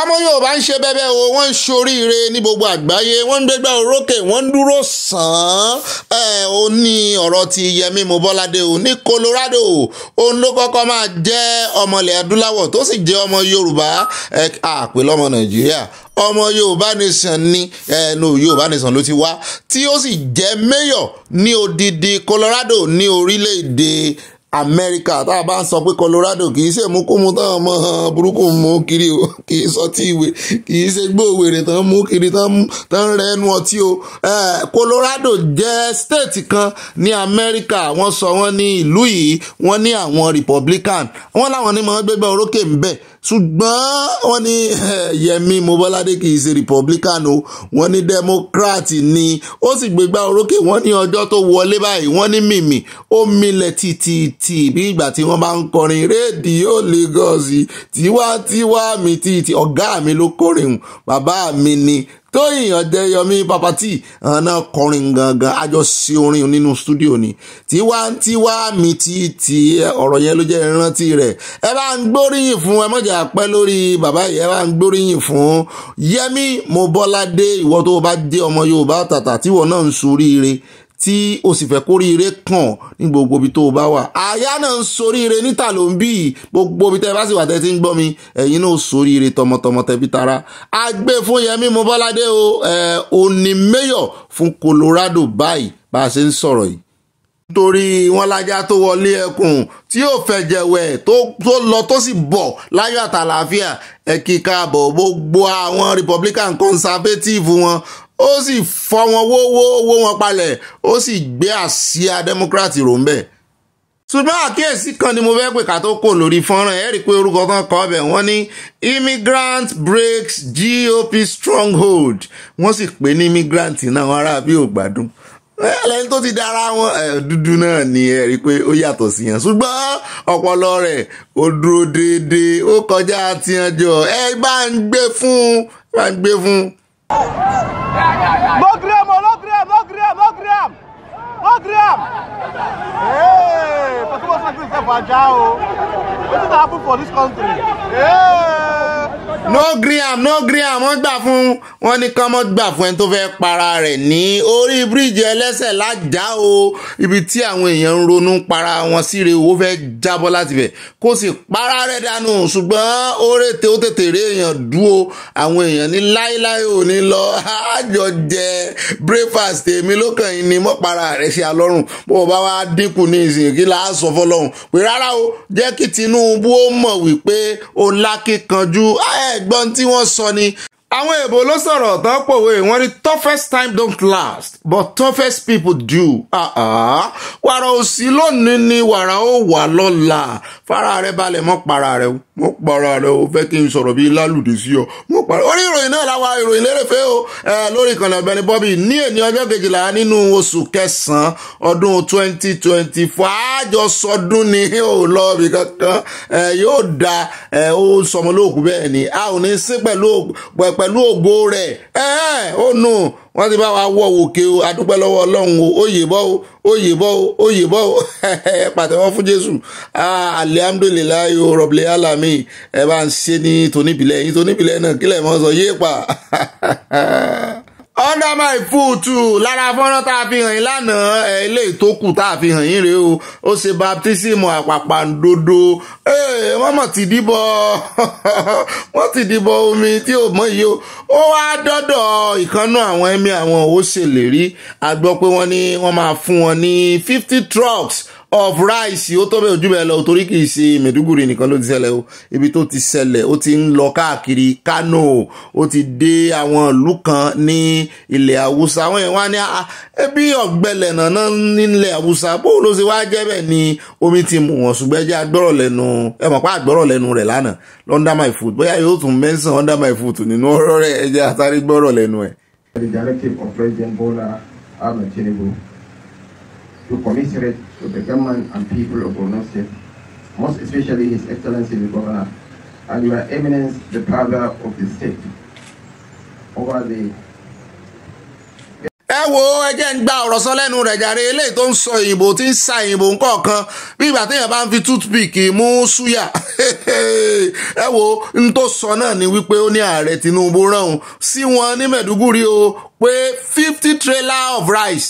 ọmọ Yorùbá ń ṣe bẹ́bẹ́ o wọ́n ń ṣoríire ní gbogbo àgbáyé wọ́n ń gbégbá orókè wọ́n ń dúró sàn án ó ní ọ̀rọ̀ ti Yẹmí Mọ́bọ́ládé o ní Colorado òun ló kọ́kọ́ máa jẹ́ ọmọlẹ̀ adúláwọ̀ tó sì jẹ́ ọmọ Yorùbá àpè lọ́mọ Nàìjíríà ọmọ Yorùbá nation ni ẹnu Yorùbá nation ló ti wá tí ó sì jẹ́ mayor ní odidi Colorado ní orílẹ̀-èdè America, tá a bá ń sọ pé colorado kì í ṣe mú kó mu tán ọmọ burúkú mú kiri o kì í sọ tí ìwé kì í ṣe gbóòwèrè tán mú kiri tán rẹ ẹnu ọtí o colorado jẹ́ state kan ní America. wọ́n sọ wọ́n ní ìlú yìí wọ́n ní àwọn republican wọ́n láwọn ní mọ̀ gbégbá orókè ń bẹ̀ ṣùgbọ́n wọ́n ní eh, Yẹmi Mobolade kì í ṣe republican o wọ́n ní democrat ni ó sì gbégbá orókè wọ́n ní ọjọ́ tó wọlé báyìí wọ́n ní mìmì ó milẹ̀ tìtìtì bí ìgbà tí wọ́n bá ń kọrin rédíò Lagos tiwantiwa mi tìtì ọ̀gá mi ló kórè hùn bàbá mi ni tóyìn ọ̀dẹ́yọmí papati ọ̀nà kọrin gangan àjọ sí orin nínú stúdíò ni tiwantiwa mi ti ti ọ̀rọ̀ yẹn ló jẹ́ ìrántí rẹ̀ ẹ bá ń gbóríyìn fún ẹ mọ̀jà pẹ́ lórí bàbá yìí ẹ bá ń gbóríyìn fún yẹmí mobọ́ládé ìwọ tó bá dé ọmọ yorùbá tàtà tíwọ náà ń soríire tí o sì fẹ́ kóríire kàn ní gbogbo ibi tó o bá wà. àyà náà ń soríire níta ló ń bí i gbogbo ibi tẹ́ ẹ bá sì wà tẹ́ ti ń gbọ́ mi ẹ̀yin náà ó soríire tọmọtọmọ tẹbí tara. àgbẹ̀ fún Yẹmí Mọ́bọ́ládé o òní mayor fún Colorado báyìí bá a ṣe ń sọ̀rọ̀ yìí torí wọn lájà tó wọlé ẹkùn tí yóò fẹjẹwẹ tó lọ tó sì bọ̀ láyọ̀ àtàlàáfíà ẹ kí káàbọ̀ gbogbo àwọn republican conservative wọn ó sì fọ́ wọn wówó wó wọn palẹ̀ ó sì gbé àsíá democrat rò ń bẹ̀. ṣùgbọ́n àkíyèsí kan ni mo fẹ́ pè ká tó kò lórí fọ́nrán ẹ̀ pé orúkọ tán kọ́ ọbẹ̀ wọ́n ní immigrant breaks GOP stronghold wọ́n sì pè ní immigrant náà wọn ará bí ò gbádùn ẹlẹ́ni tó ti dára wọn dúdú náà ni ẹ rí i pé ó yàtọ̀ sí yẹn ṣùgbọ́n ọpọlọ rẹ̀ ó dúró déédéé ó kọjá tiẹ̀jọ ẹ bá ń gbé fún bá ń gbé fún. No gram, no gram, no gram, no gram. No gram. Hey, Pastor Moses, you say Vaja o. Wetin dey happen for dis country? Hey no graham no graham wọ́n gbà fún wọn ní kán mọ́ gbà fún ẹni tó fẹ́ para rẹ̀ ní orí bíríìjì ẹlẹ́sẹ̀ lájà o ibi tí àwọn èèyàn ń ronú para wọn síre owó fẹ́ jábọ́ láti bẹ̀ kó sì para rẹ̀ dànù ṣùgbọ́n ó rètè ó tètè rí èèyàn dúró àwọn èèyàn ní láéláé ò ní lọ àjọ jẹ breakfast èmi ló kàn ni mọ́ para rẹ̀ ṣe alọ́rùn bó o bá wá dínkù ní ìsìn kí la sọ fọlọ́run pé rárá o jẹ́ kí Tinubu ó mọ̀ wípé o lákìkanjú ẹ̀ ẹ̀gbọ́n tí wọ́n sọ ni àwọn èèbò ló sọ̀rọ̀ tán pòwe wọ́n ní toughest time don't last but toughest people do. wàrà òsì lónìí ni wàrà ó wà lọ́la fara rẹ balẹ̀ mọ́ para rẹ o mo para rẹ o fẹ́ kí n sọ̀rọ̀ bíi lálùdí sí ọ mo para orí ìròyìn náà làwa ìròyìn lérèfé o lórí ìkànnì ọ̀gbẹ́ni Bobby ní èní ọjọ́ kejìlá nínú oṣù kẹsàn-án ọdún twenty twenty four àjọ sọdún ni ò lọ bí kankan yóò da ó sọmọlóòkú bẹ́ẹ̀ ni a ò ní sí pẹ̀lú pẹ̀pẹ̀ pẹ̀lú ògo rẹ̀ ẹ́ẹ́ ó nù wọ́n ti bá wa wọ òkè o adúpẹ́ lọ́wọ́ ọlọ́run o ó yè bọ́ o ó yè bọ́ o ó yè bọ́ o pàtẹ́wọ́n fún jésù alihamdulilayi o rọ̀bìlẹ̀ alami ẹ bá ń ṣe ní toníbìlẹ̀ yín toníbìlẹ̀ náà kílẹ̀ mọ́ sọ yéèpà. under my foot lára fọ́nrán tá a fi hàn yín lánàá ẹ̀ ilé ìtókù tá a fi hàn yín rèé o ó ṣe baptism àpàpàǹdodo wọ́n mọ̀ ti dìbọ̀ wọ́n ti dìbọ̀ omi tí ò mọ̀ yìí o ó wá dọ́dọ̀ ìkànnú àwọn ẹ̀mí àwọn ó ṣèlérí a gbọ́ pé wọ́n ní wọ́n máa fún wọn ní fifty trucks of rice ó tó bẹ́ẹ̀ ojú bẹ́ẹ̀ lọ torí kì í ṣe Maiduguri nìkan ló ti ṣẹlẹ̀ o ibi tó ti ṣẹlẹ̀ ó ti ń lọ káàkiri Kano ó ti dé àwọn ìlú kan ní ilẹ̀ Haúsá àwọn yẹn wá ní ah, ẹbí ọ̀gbẹ́lẹ̀ nàná nílẹ̀ Haúsá bó ló ṣe wá jẹ́ bẹ́ẹ̀ ni omi ti mú wọn ṣùgbọ́n ẹ jẹ́ agbọ́rọ̀ lẹ́nu ẹ mọ̀ pé agbọ́rọ̀ lẹ́nu rẹ̀ lánàá under my foot bóyá yóò tún mention under my foot nínú ọ̀rọ̀ rẹ̀ ẹ jẹ́ àtàrí gbọ́rọ̀ lẹ́nu ẹ̀. The directive of President Bola Ahmed Tinubu to commiserate to the government and people of Borno State, most especially His Excellency the Governor, and Your Eminence, the Father of the State, over the ẹ wo ẹjẹ́ ń gba ọ̀rọ̀ sọ lẹ́nu rẹ̀ jàre eléyìí tó ń sọ ìbò tí ń sa ìbò nǹkan bí ìgbà téèyàn bá ń fi toothpick mú súyà ẹ wo n tó sọ náà ni wípé ó ní ààrẹ Tinubu rán sí wọn ní Mẹ̀dúgùrí o pé fifty trailer of rice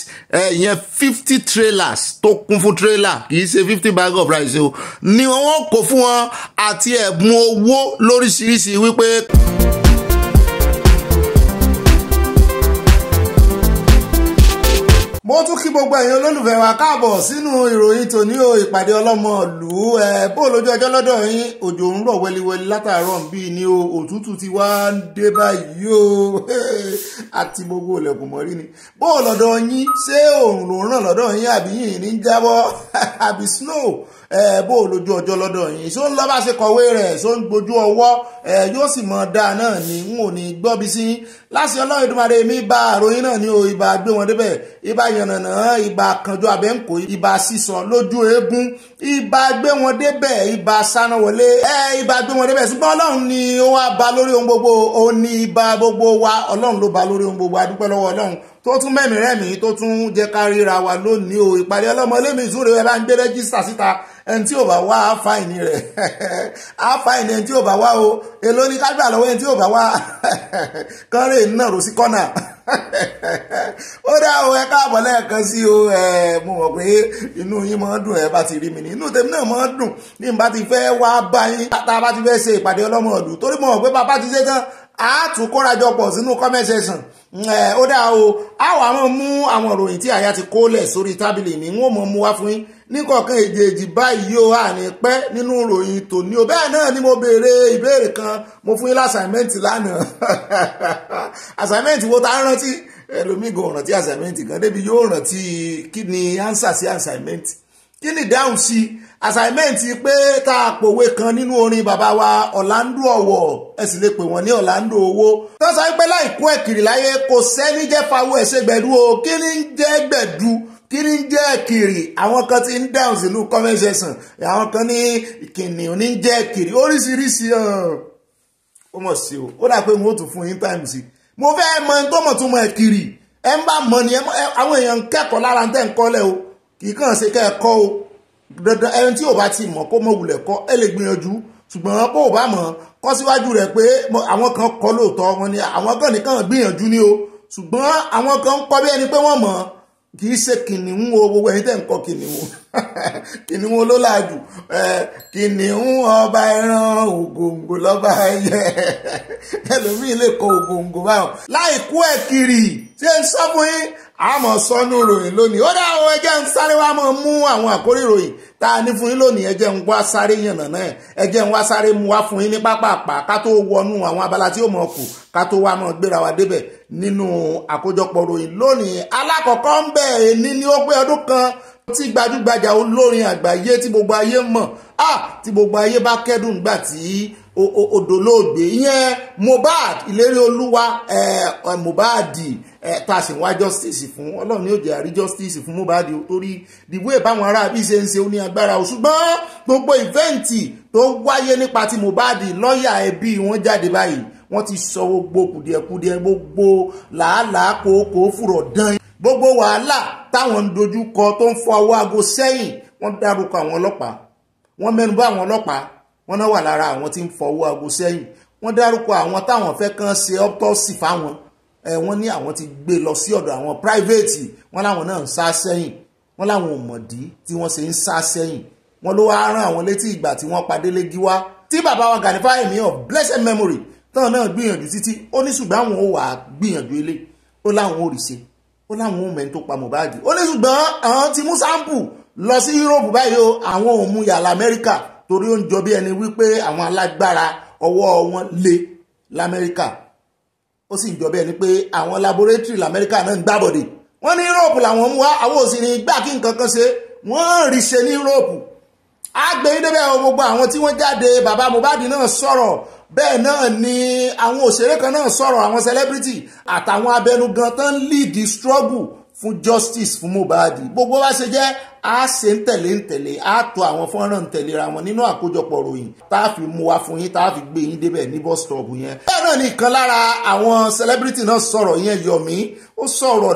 ìyẹn fifty trailers tó kún fún trailer kì ṣe fifty bag of rice o ni wọn kò fún wọn àti ẹ̀bùn owó lóríṣiríṣi wípé. mo tún kí gbogbo ẹ̀yin olólùfẹ́ wa káàbọ̀ sínú ìròyìn tòní o ìpàdé ọlọ́mọ ìlú ẹ bó lójú ọjọ́ lọ́dọ̀ yín òjò ń rọ̀ wẹ́liwẹ́li látàárọ̀ ń bí ni o òtútù ti wá ń dé báyìí o àti gbogbo ilẹ̀kùn mọ́rí ni bó lọ́dọ̀ yín ṣé òòrùn ló ń ràn lọ́dọ̀ yín àbí yìnyín ní jábọ́ àbí snow ẹ bó o lójú ọjọ́ lọ́dọ̀ yìí ṣó ń lọ bá ṣe kọ̀wé rẹ̀ ṣó ń gbójú ọwọ́ ẹ yóò sì mọ̀ dáa náà ni n ò ní gbọ́bi sí láti ọlọ́run ìdúmọ̀dé mi bá àròyìn náà ní o ìbá gbé wọn débẹ̀ ìbá yànnànà ìbá kanjú abẹ́ǹkó ìbá sísọ lójú eégún ìbá gbé wọn débẹ̀ ìbá sáná wọlé ẹ ìbá gbé wọn débẹ̀ ṣùgbọ́n ọlọ́run ni ó wá ba lórí ohun gbogbo ó ní ìbá gbogbo wa ọlọ́run ló ba lórí ohun gbogbo a dúpẹ́ lọ́wọ́ ọlọ́run tó tún mẹ́mìí rẹ́mìí tó tún jẹ́ ká ríra wa lónìí o ìpàdé ọlọ́mọ lẹ́mìí ìsúre ẹ bá ń gbé rẹ́gísítà síta ẹni tí ò bá wá àfàìní rẹ̀ àfàìní ẹni tí ò bá wá o èló ni kágbà lọ́wọ́ ẹni tí ò bá wá kọ́rẹ́ náà rò sí kọ́nà ó dá o ẹ káàbọ̀ lẹ́ẹ̀kan sí o ẹ mo mọ̀ pé inú yín máa ń dùn ẹ bá ti rí mi ní inú tèmi náà máa ń dùn ní n bá ti fẹ́ wá bá yín tá a bá ti fẹ́ ṣe ìpàdé ọlọ́mọ ọ̀dù torí mo mọ̀ pé bàbá ti ṣe tán àátún kórajọpọ̀ sínú comment section ó dáa o àwọn àwọn mú àwọn ìròyìn tí àyà ti kólẹ̀ sórí tábìlì mi wọ́n mọ̀ mú wá fún yín ní kọ̀ọ̀kan èjèèjì báyìí ó àní pẹ́ nínú ìròyìn tòní o bẹ́ẹ̀ náà ni mo béèrè ìbéèrè kan mo fún yín lásàmẹ́ǹtì lánàá àsàmẹ́ǹtì wo ta ń rántí ẹlòmíì gan ọ̀rántí àsàmẹ́ǹtì gan débi yóò rántí kí ni ánsà sí àsàmẹ́ǹtì kí ni ìdáhùn sí assignment pé tá a pòwe kan nínú orin bàbá wa ọ̀làǹdó ọ̀wọ̀ ẹ sì lè pè wọ́n ní ọ̀làǹdó owó tó sọ pé láì kó ẹ̀kìrì láyé kò sẹ́ni jẹ́ fawọ́ ẹ̀ ṣe gbẹ̀dú o kí ni ń jẹ́ gbẹ̀dú kí ni ń jẹ́ ẹ̀kìrì àwọn kan ti ń dáhùn sínú comment section àwọn kan ní kìnìún ní ń jẹ́ ẹ̀kìrì oríṣiríṣi ó mọ̀ sí o ó dà pé mo tún fún yín time mo fẹ́ mọ tó mọ̀ tún mọ̀ ẹ̀kìrì ẹ ń bá mọ ni àwọn èèyàn kẹ́kọ̀ọ́ lára ń tẹ̀ ń kọ́lẹ̀ o kì í kàn ṣe kẹ́ ẹ kọ́ o dandan ẹni tí ò bá ti mọ̀ kó mọ̀ wulẹ̀ kọ́ ẹ lè gbìyànjú ṣùgbọ́n kó o bá mọ̀ kọ́ síwájú rẹ̀ pé àwọn kan kọ́ lóòótọ́ wọn ni àwọn kan nìkan gbìyànjú ni o ṣùgbọ́n àwọn kan ń kọ́ bí ẹni pé wọ́n mọ̀ kì í ṣe kìnìún o gbogbo ẹ̀yin tẹ̀ ń kọ́ kìnìún kìnìún ló láàjù kìnìún ọba ẹran ògòǹgò lọ́ba ẹyẹ ẹlòmíín lè kọ ògòǹgò báwọn láì ẹ̀ kiri ṣé ń sọ fún yín àmọ́ sọnù ròyìn lónìí ó dá àwọn ẹjẹ́ ń sáré wá mọ́ mú àwọn àkórí ròyìn tá a ní fún yín lónìí ẹjẹ́ ń wá sáré yànnà náà ẹjẹ́ ń wá sáré mu wá fún yín ní pápápá ká tó wọnú àwọn abala tí ó mọ̀ kù ká tó wá mọ̀ gbéra wa débẹ̀ nínú àkójọpọ̀ ròyìn lónìí alákọ̀ọ́kọ́ ń bẹ̀ ẹni ní ó pé ọdún kan tí gbajúgbajà olórin àgbáyé tí gbogbo ayé mọ̀ ah tí gbogbo ayé bá kẹ́dùn gbà tí òdòlóògbé ìyẹn Mohbad ìlérí olúwa Mohbad tá a sì wá justice fún ọlọ́run ní ó jẹ́ àrí justice fún Mohbad torí dìbò ìbáwọn ará bí ṣe ń ṣe ó ní agbára o ṣùgbọ́n gbogbo ìfẹ́ǹtì tó wáyé nípa ti Mohbad lọ́ọ̀yà ẹbí wọn jáde báyìí wọ́n ti sọ gbogbo kùdìẹ̀kudìẹ gbogbo làálàá kòókò fùrọ̀ dán gbogbo wàhálà táwọn ń dojú kọ tó ń fọ ọwọ́ aago sẹ́yìn wọ́n dárúkọ àwọn ọlọ́pàá wọ́n mẹ́nu bà àwọn ọlọ́pàá wọ́n náà wà lára àwọn tí ń fọwọ́ aago sẹ́yìn wọ́n dárúkọ àwọn táwọn fẹ́ kàn ṣe autopsy fáwọn ẹ wọ́n ní àwọn ti gbé lọ sí ọ̀dọ̀ àwọn private wọ́n láwọn náà ń sá sẹ́yìn wọ́n láwọn ò mọ̀dí tí wọ́n ṣe ń sá sẹ́yìn wọ́n ló wá rán àwọn létí ìgbà tí wọ́n padé légi wá tí bàbá wa Gani Fáyẹ̀mí of blessed memory táwọn náà gbìyànjú títí ó ní ṣùgbọ́n àwọn ò wà gbìyànjú ilé ó láwọn ò rí ṣe ó láwọn ò mẹ́ni tó Europe báyìí o àwọn ò mú torí ó ń jọ bí ẹni wípé àwọn alágbára ọwọ́ wọn le lamẹ́ríkà ó sì ń jọ bí ẹni pé àwọn laboratory lamẹ́ríkà náà ń gbàbọ̀dè wọ́n ní europe làwọn mú wá àwọn ò sì ní gbà kí nǹkan kan ṣe wọ́n rí ṣe ní europe àgbẹ̀ yìí débẹ̀ gbogbo àwọn tí wọ́n jáde bàbá Mohbad náà sọ̀rọ̀ bẹ́ẹ̀ náà ni àwọn òṣèré kan náà sọ̀rọ̀ àwọn celebrity àtàwọn abẹnugan tán lead struggle fún justice fún Mohbad gbogbo wa ṣe jẹ́ a ṣe ń tẹ̀lé ń tẹ̀lé a tó àwọn fọ́nrán ń tẹ̀léra wọn nínú àkójọpọ̀ ròyìn tá a fi mú wa fún yín tá a fi gbé yín débẹ̀ ní bus stop yẹn. bẹ́ẹ̀ náà ni ìkan lára àwọn celebrity náà sọ̀rọ̀ yẹn Yọ̀mí ó sọ̀rọ̀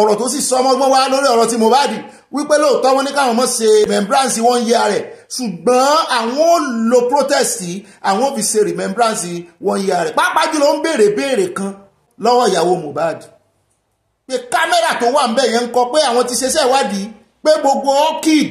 ọ̀rọ̀ tó sì sọ ọmọgbọ́n wá lórí ọ̀rọ̀ ti Mohbad wípé lóòótọ́ wọn ní káwọn mọ̀ ṣe remembrance wọn yẹ rẹ̀ ṣùgbọ́n àwọn ò lo protest àwọn ò fi ṣe remembrance wọn yẹ rẹ̀ pàápàá jùlọ ń béèrè béèrè kan lọ́wọ́ ìyàwó Mohbad pé kámẹ́rà tó wà ń bẹ̀ yẹn ń kọ pé àwọn ti ṣeṣẹ́ ìwádìí pé gbogbo orchid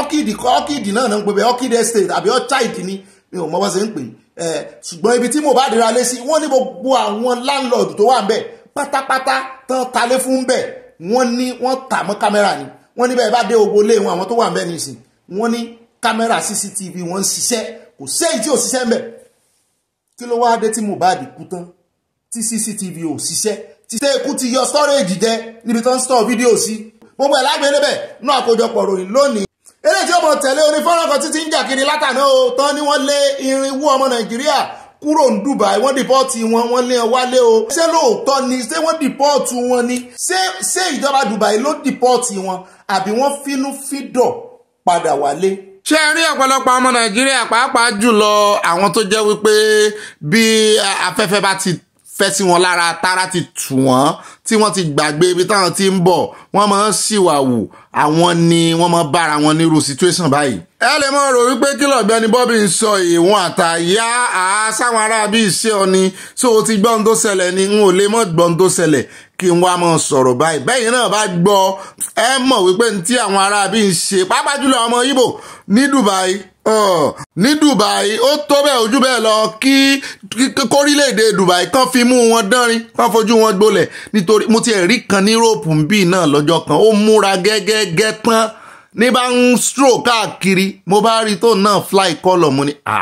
orchid kọ orchid náà ń pè bẹ́ẹ̀ orchid estate àbí orchid ni mi ò mọ bá ṣe ń pè é ṣùgbọ́n ibi tí Mohbad ra lé sí wọ́n ní gbogbo àwọn landlord tó wà ń bẹ̀ pátápátá tán talé fún bẹ̀ wọ́n ní wọ́n tà mọ́ kámẹ́rà ni wọ́n ní bẹ́ẹ̀ bá dé ogbó lé wọn àwọn tó wà ń bẹ̀ nìsín wọ́n ní kámẹ́rà CCTV wọ́n ń ṣiṣẹ́ kò séyìí tí ò ṣiṣẹ́ ń bẹ̀ kí ló wá CCTV ò ṣiṣẹ́ ti ṣe ikú ti yọ storage jẹ níbi tó ń store fídíò sí gbogbo ẹ̀ lágbèé níbẹ̀ náà àkójọpọ̀ ròyìn lónìí eré tí ó mọ̀ tẹ̀lé onífọ́nrán kan títí ń jà kiri látàná o tán ni wọ́n lé irinwó ọmọ nàìjíríà kúrò ní Dubai wọ́n dìpọ́ọ̀tì wọn wọ́n lé wọn wálé o ṣé lóòótọ́ ni ṣé wọ́n dìpọ́ọ̀tù wọn ni ṣé ìjọba Dubai ló dìpọ́ọ̀tì wọn àbí wọ́n fínú fídọ̀ padà wálé ṣé rí ọ̀pọ̀lọpọ̀ ọmọ nàìjíríà pàápàá jùlọ àwọn tó jẹ́ wípé bí afẹ́fẹ́ bá ti fẹ́ sí wọn lára tára ti tù wọ́n tí wọ́n ti gbàgbé ibi táwọn ti ń bọ̀ wọ́n máa ń ṣìwàwù àwọn ni wọ́n máa bára wọn nírú situation báyìí. ẹ lè mọ rò wípé kí lọ́ọ̀bẹ ni Bobby ń sọ ìwọ̀n àtàyà àá sáwọn aráàbí iṣẹ́ ọ ni so o ti gbọ́n tó ṣẹlẹ̀ ni n ò lè mọ̀ gbọ́n tó ṣẹlẹ̀ kí n wá mọ sọ̀rọ̀ báyìí bẹ́yìn náà bá gbọ́ ẹ mọ̀ wípé ní tí àwọn ará bí ń ṣe pàápàá jùlọ ọmọ Ìgbò ní Dubai ní Dubai ó tó bẹ́ẹ̀ ojú bẹ́ẹ̀ lọ kí kórílẹ̀-èdè Dubai kan fi mú wọn dánrin kan fojú wọn gbolẹ̀ nítorí mo ti rí kan ní Europe bíi náà lọ́jọ́ kan ó múra gẹ́gẹ́gẹ́ tán ní bá ń stro káàkiri mo bá rí tó náà fly kọ́lọ̀ mo ní à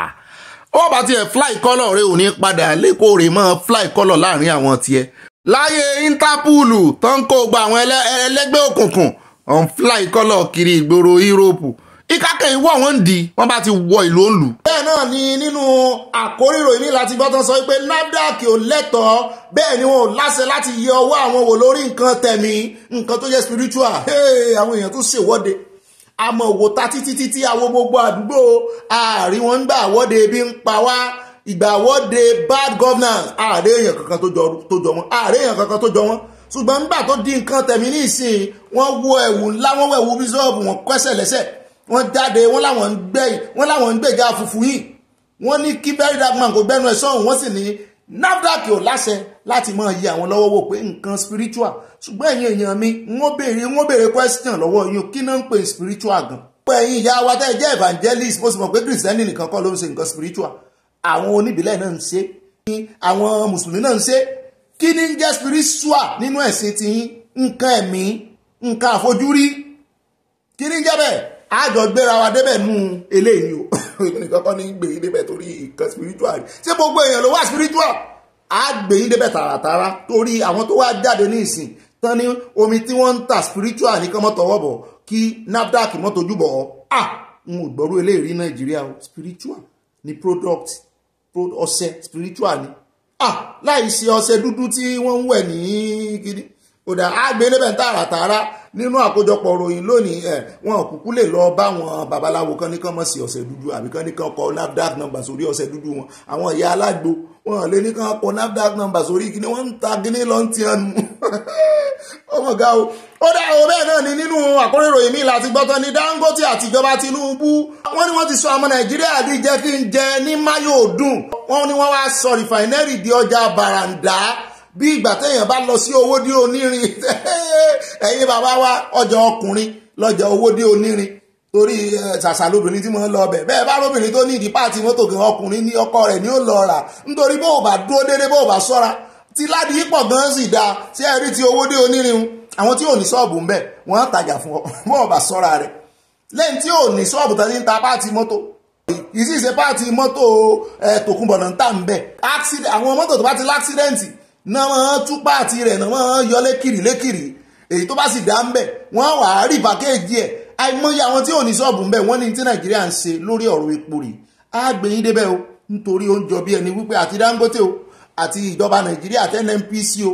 ó bá tiẹ̀ fly kọ́lọ̀ rẹ ò ní padà lẹ́kọ̀ọ́ rẹ mọ́ fly kọ́lọ̀ láàrin àwọn tiẹ̀ láyé íńtápùlù tó ń kó gba àwọn ẹlẹ́gbẹ́ òkùnkùn ọ̀n fly kọ́lọ̀ kiri ìgboro yúróòpù ìkákẹ́ ìwọ̀ wọn ń di wọ́n bá ti wọ ìlú òǹlù. bẹ́ẹ̀ náà ni nínú àkórí ìròyìn ní láti gbọ́ tán sọ pé NAFDAC ò lẹ́tọ̀ọ́ bẹ́ẹ̀ ni wọn ò láṣẹ láti yẹ ọwọ́ àwọn wò lórí nǹkan tẹ̀mí nǹkan tó jẹ́ spiritual àwọn èèyàn tún ṣèwọ́de àmọ́ òwò ta títí títí àwọn gbogbo àdúgbò àárín wọn ń gbà wọ́de bí ń pa wá ìgbà àwọ́de bad governance ààrẹ èèyàn kankan tó jọ wọn ààrẹ èèyàn kankan tó jọ wọn ṣùgbọ́n nígbà tó di nǹkan tẹ̀mí ní ìsìn wọ́n wọ ẹ̀wù ńlá wọ́n wẹ̀wù bíṣọ́ọ̀bù wọn kẹ́sẹ̀ lẹ́sẹ̀ wọ́n jáde wọ́n láwọn ń gbé wọ́n láwọn ń gbèjà funfun yìí wọ́n ní kí bẹ́rí dagman kò gbẹ́nu ẹ̀ sọ́hùn wọ́n sì ní NAFDAC ò láṣẹ láti máa yí àwọn lọ́wọ́ wò pé nǹkan spiritual ṣùgbọ́n ẹ̀yin èèyàn mi wọ́n béèrè wọ́n béèrè question lọ́wọ́ yín kí náà ń pè spiritual gan. pé ẹ̀yin ìyá wa tẹ́ ẹ jẹ́ evangelist mo sì mọ̀ pé kìrìsìtẹ́nì nìkan kọ́ ló ń ṣe nǹkan spiritual àwọn oníbílẹ̀ náà ń ṣe àwọn mùsùlùmí náà ń ṣe kí ni jẹ́ spiritual nínú ẹ̀sìn ti nǹkan ẹ̀mí nǹkan àfojúrí kí ni ń jẹ́ bẹ́ẹ̀ àjọ gbéra wa débẹ̀ nù eléyìí o nìkan kọ́ ní gbé yín débẹ̀ torí nǹkan spiritual ṣé gbogbo èèyàn ló wá spiritual á gbé yín débẹ̀ tààràtààrà torí àwọn tó wá jáde ní ìsìn tán ní omi tí wọ́n ń ta spiritual ní kán mọ́ tọwọ́ bọ̀ kí NAFDAC mọ́ tojúbọ̀ ọ́ à ń gbọ́rú eléyìí rí Nàìjíríà spiritual ni product ọṣẹ spiritual ni ah láì ṣe ọṣẹ dúdú tí wọ́n ń wẹ̀ ní kíní kódà á gbé lébẹ̀ tààràtààrà nínú àkójọpọ̀ ròyìn lónìí ẹ̀ wọn kúkú lè lọ bá wọn babaláwo kan ní kán mọ̀ sí ọ̀sẹ̀ dúdú àbí kán ní kán kọ nafdac number sórí ọ̀sẹ̀ dúdú wọn àwọn ìyá alágbo wọn lè ní kán kọ nafdac number sórí kíni wọ́n ń ta kíní lọ́n ti ẹnu ọmọ ga o ó dá o bẹ́ẹ̀ náà ni nínú àkórí ròyìn mi láti gbọ́ ni Dangote àtìjọba Tinubu wọ́n ni wọ́n ti sọ ọmọ Nàìjíríà di jẹ́ kí n jẹ ní máyòdùn wọ́n ní wọ́n wá sọ rìfàìnẹ́rì di ọjà bàràǹdà bí ìgbà téèyàn bá lọ sí owó dé onírin ẹ̀yin bàbá wa ọjà ọkùnrin lọ́jà owó dé onírin torí ṣàṣà lóbìnrin tí mo ń lọ ọbẹ̀ bẹ́ẹ̀ bá lóbìnrin tó ní ìdí páàtì mọ́tò kan ọkùnrin ní ọkọ rẹ̀ ni ó lọ rà nítorí bó o bá dúró déédéé bó o bá sọ́ra tí ládìí pọ̀ gan sì dáa sí ẹ̀rí ti owó dé onírin àwọn tí ò ní ṣọ́ọ̀bù ń bẹ̀ wọ́n á tajà fún ọ bó o bá sọ́ra rẹ̀ lẹ́yìn tí ò ní ṣọ́ọ̀bù tó ti ń ta páàtì mọ́tò ìsì ìṣe páàtì mọ́tò tòkunbọ̀nà ń tà ń bẹ̀ àwọn mọ́tò tó bá ti láksidẹ̀ǹtì náà máa tú páàtì rẹ̀ náà máa yọ lékiri lékiri èyí tó bá sì dá ń bẹ̀ wọ́n wà á rí pàkéèjì ẹ̀ àìmọye àwọn tí ò ní ṣọ́ọ̀bù ń bẹ̀ wọ́n ní tí nàìjíríà ń ṣe lórí ọ̀rọ̀ epo rè á débẹ̀ o nítorí ó ń jọ bí ẹni wípé àti dangote o àti ìjọba nàìjíríà tnnpc o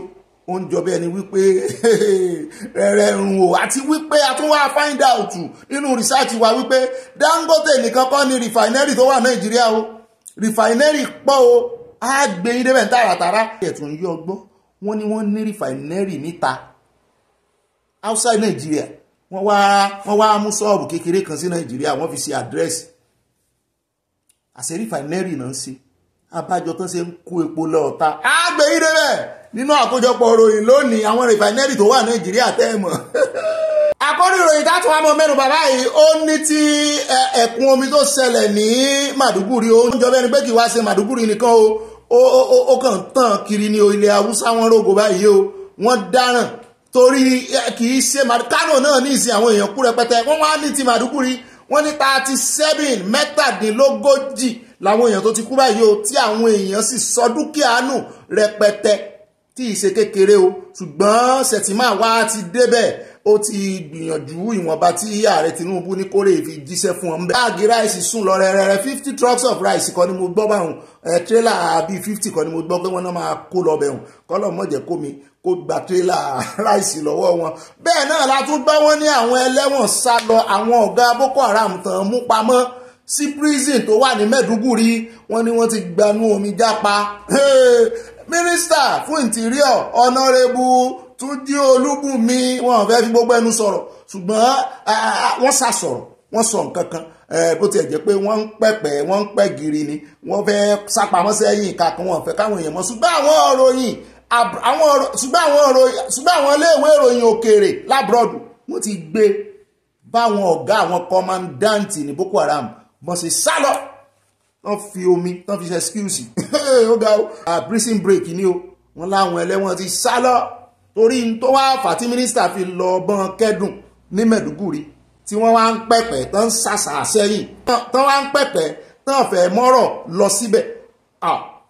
ó ń jọ bí ẹni wípé rẹ̀rẹ̀ rùn o àti wípé a tún wá find out nínú rìsáàtì wa wípé dangote nìkan kọ́ ni rìfàìnẹ́rì tó wà nàìjíríà o rìfàìnẹ́rì pọ̀ o á gbé yín débẹ̀ tààràtàrà. ẹ̀tún yí ọgbọ́n wọ́n ní wọ́n ní rìfàìnẹ́rì níta outside Nigeria wọ́n wá wọ́n wá mú ṣọ́ọ̀bù kékeré kan sí Nigeria wọ́n fi ṣe àdírẹ́sì àṣẹ rìfàìnẹ́rì náà ń ṣe abájọ tó ṣe ń kó epo lọ́ọ̀ta á gbé yín débẹ̀ nínú àkójọpọ̀ ìròyìn lónìí àwọn rìfàìnẹ́rì tó wà Nàìjíríà tẹ́ẹ̀mọ̀. àkọ́rí ìròyìn tá a tún wá mọ mẹ́nu bàbá yìí ó ní ti ẹ̀kún omi tó ṣẹlẹ̀ ní Màdúgùrí ó ń jọ bẹ́ni pé kì í wá ṣe Màdúgùrí nìkan o ó kàn tàn kiri ní ilẹ̀ haúsá wọn rògbò báyìí o wọ́n dáràn torí kì í ṣe kánò náà ní ìsìn àwọn èèyàn kú rẹpẹtẹ wọ́n wá ní ti màdúkúri wọ́n ní thirty seven mẹ́tàdínlógójì làwọn èèyàn tó ti kú báyìí o tí àwọn èèyàn sì sọ dúkìá nù rẹpẹtẹ tí ìṣe kékeré o ṣùgbọ́n ṣètìmá wa ti débẹ̀ ó ti gbìyànjú ìwọ̀nba tí ààrẹ Tinubu ní kórè fi jíṣẹ́ fún wọn bẹ́ẹ̀. báàgì ráìsì sùn lọ rẹ̀rẹ̀rẹ̀ fifty trucks of rice kọ́ ni mo gbọ́ báwọn tírélà bíi fifty kọ́ ni mo gbọ́ pé wọ́n náà máa kó lọ bẹ̀rùn kọ́lọ̀ mọ̀jẹ̀ kó mi kó gba tírélà ráìsì lọ́wọ́ wọn. bẹ́ẹ̀ náà la tún gbọ́ wọ́n ní àwọn ẹlẹ́wọ̀n sá lọ àwọn ọ̀gá Boko Haram tán mú pamọ́ sí prison tó wà ní Mẹ́dúgùrí wọ́n ní wọ́n ti gbanú omi jápa Minister. fún interior. Honourable. Túnjí Olúbùnmi wọn fẹ́ fi gbogbo ẹnu sọ̀rọ̀ ṣùgbọ́n wọ́n sà sọ̀rọ̀ wọ́n sọ nǹkan kan bó tiẹ̀ jẹ́ pé wọ́n ń pẹ̀pẹ̀ wọ́n ń pẹ̀ gírí ni wọ́n fẹ́ sápamọ́ sẹ́yìn kankan wọn fẹ́ káwọn èèyàn mọ̀ ṣùgbọ́n àwọn òròyìn ṣùgbọ́n àwọn iléèwé ìròyìn òkèèrè lábúrọ̀dù wọ́n ti gbé báwọn ọ̀gá àwọn kọ́mándàǹtì ní Boko Haram wọ́n sì sá lọ wọ́n fi omi wọ́n fi ṣe skills ó ga o prison break ni o wọ́n láwọn ẹlẹ́wọ̀n ti sá torí tó wá fà tí mínísítà fi lọ ọbọn kẹ́dùn ní mẹ̀dúgùrí tí wọ́n wá ń pẹ̀pẹ̀ tó ń ṣàṣà sẹ́yìn tó wá ń pẹ̀pẹ̀ tó ń fẹ́ mọ́rọ̀ lọ síbẹ̀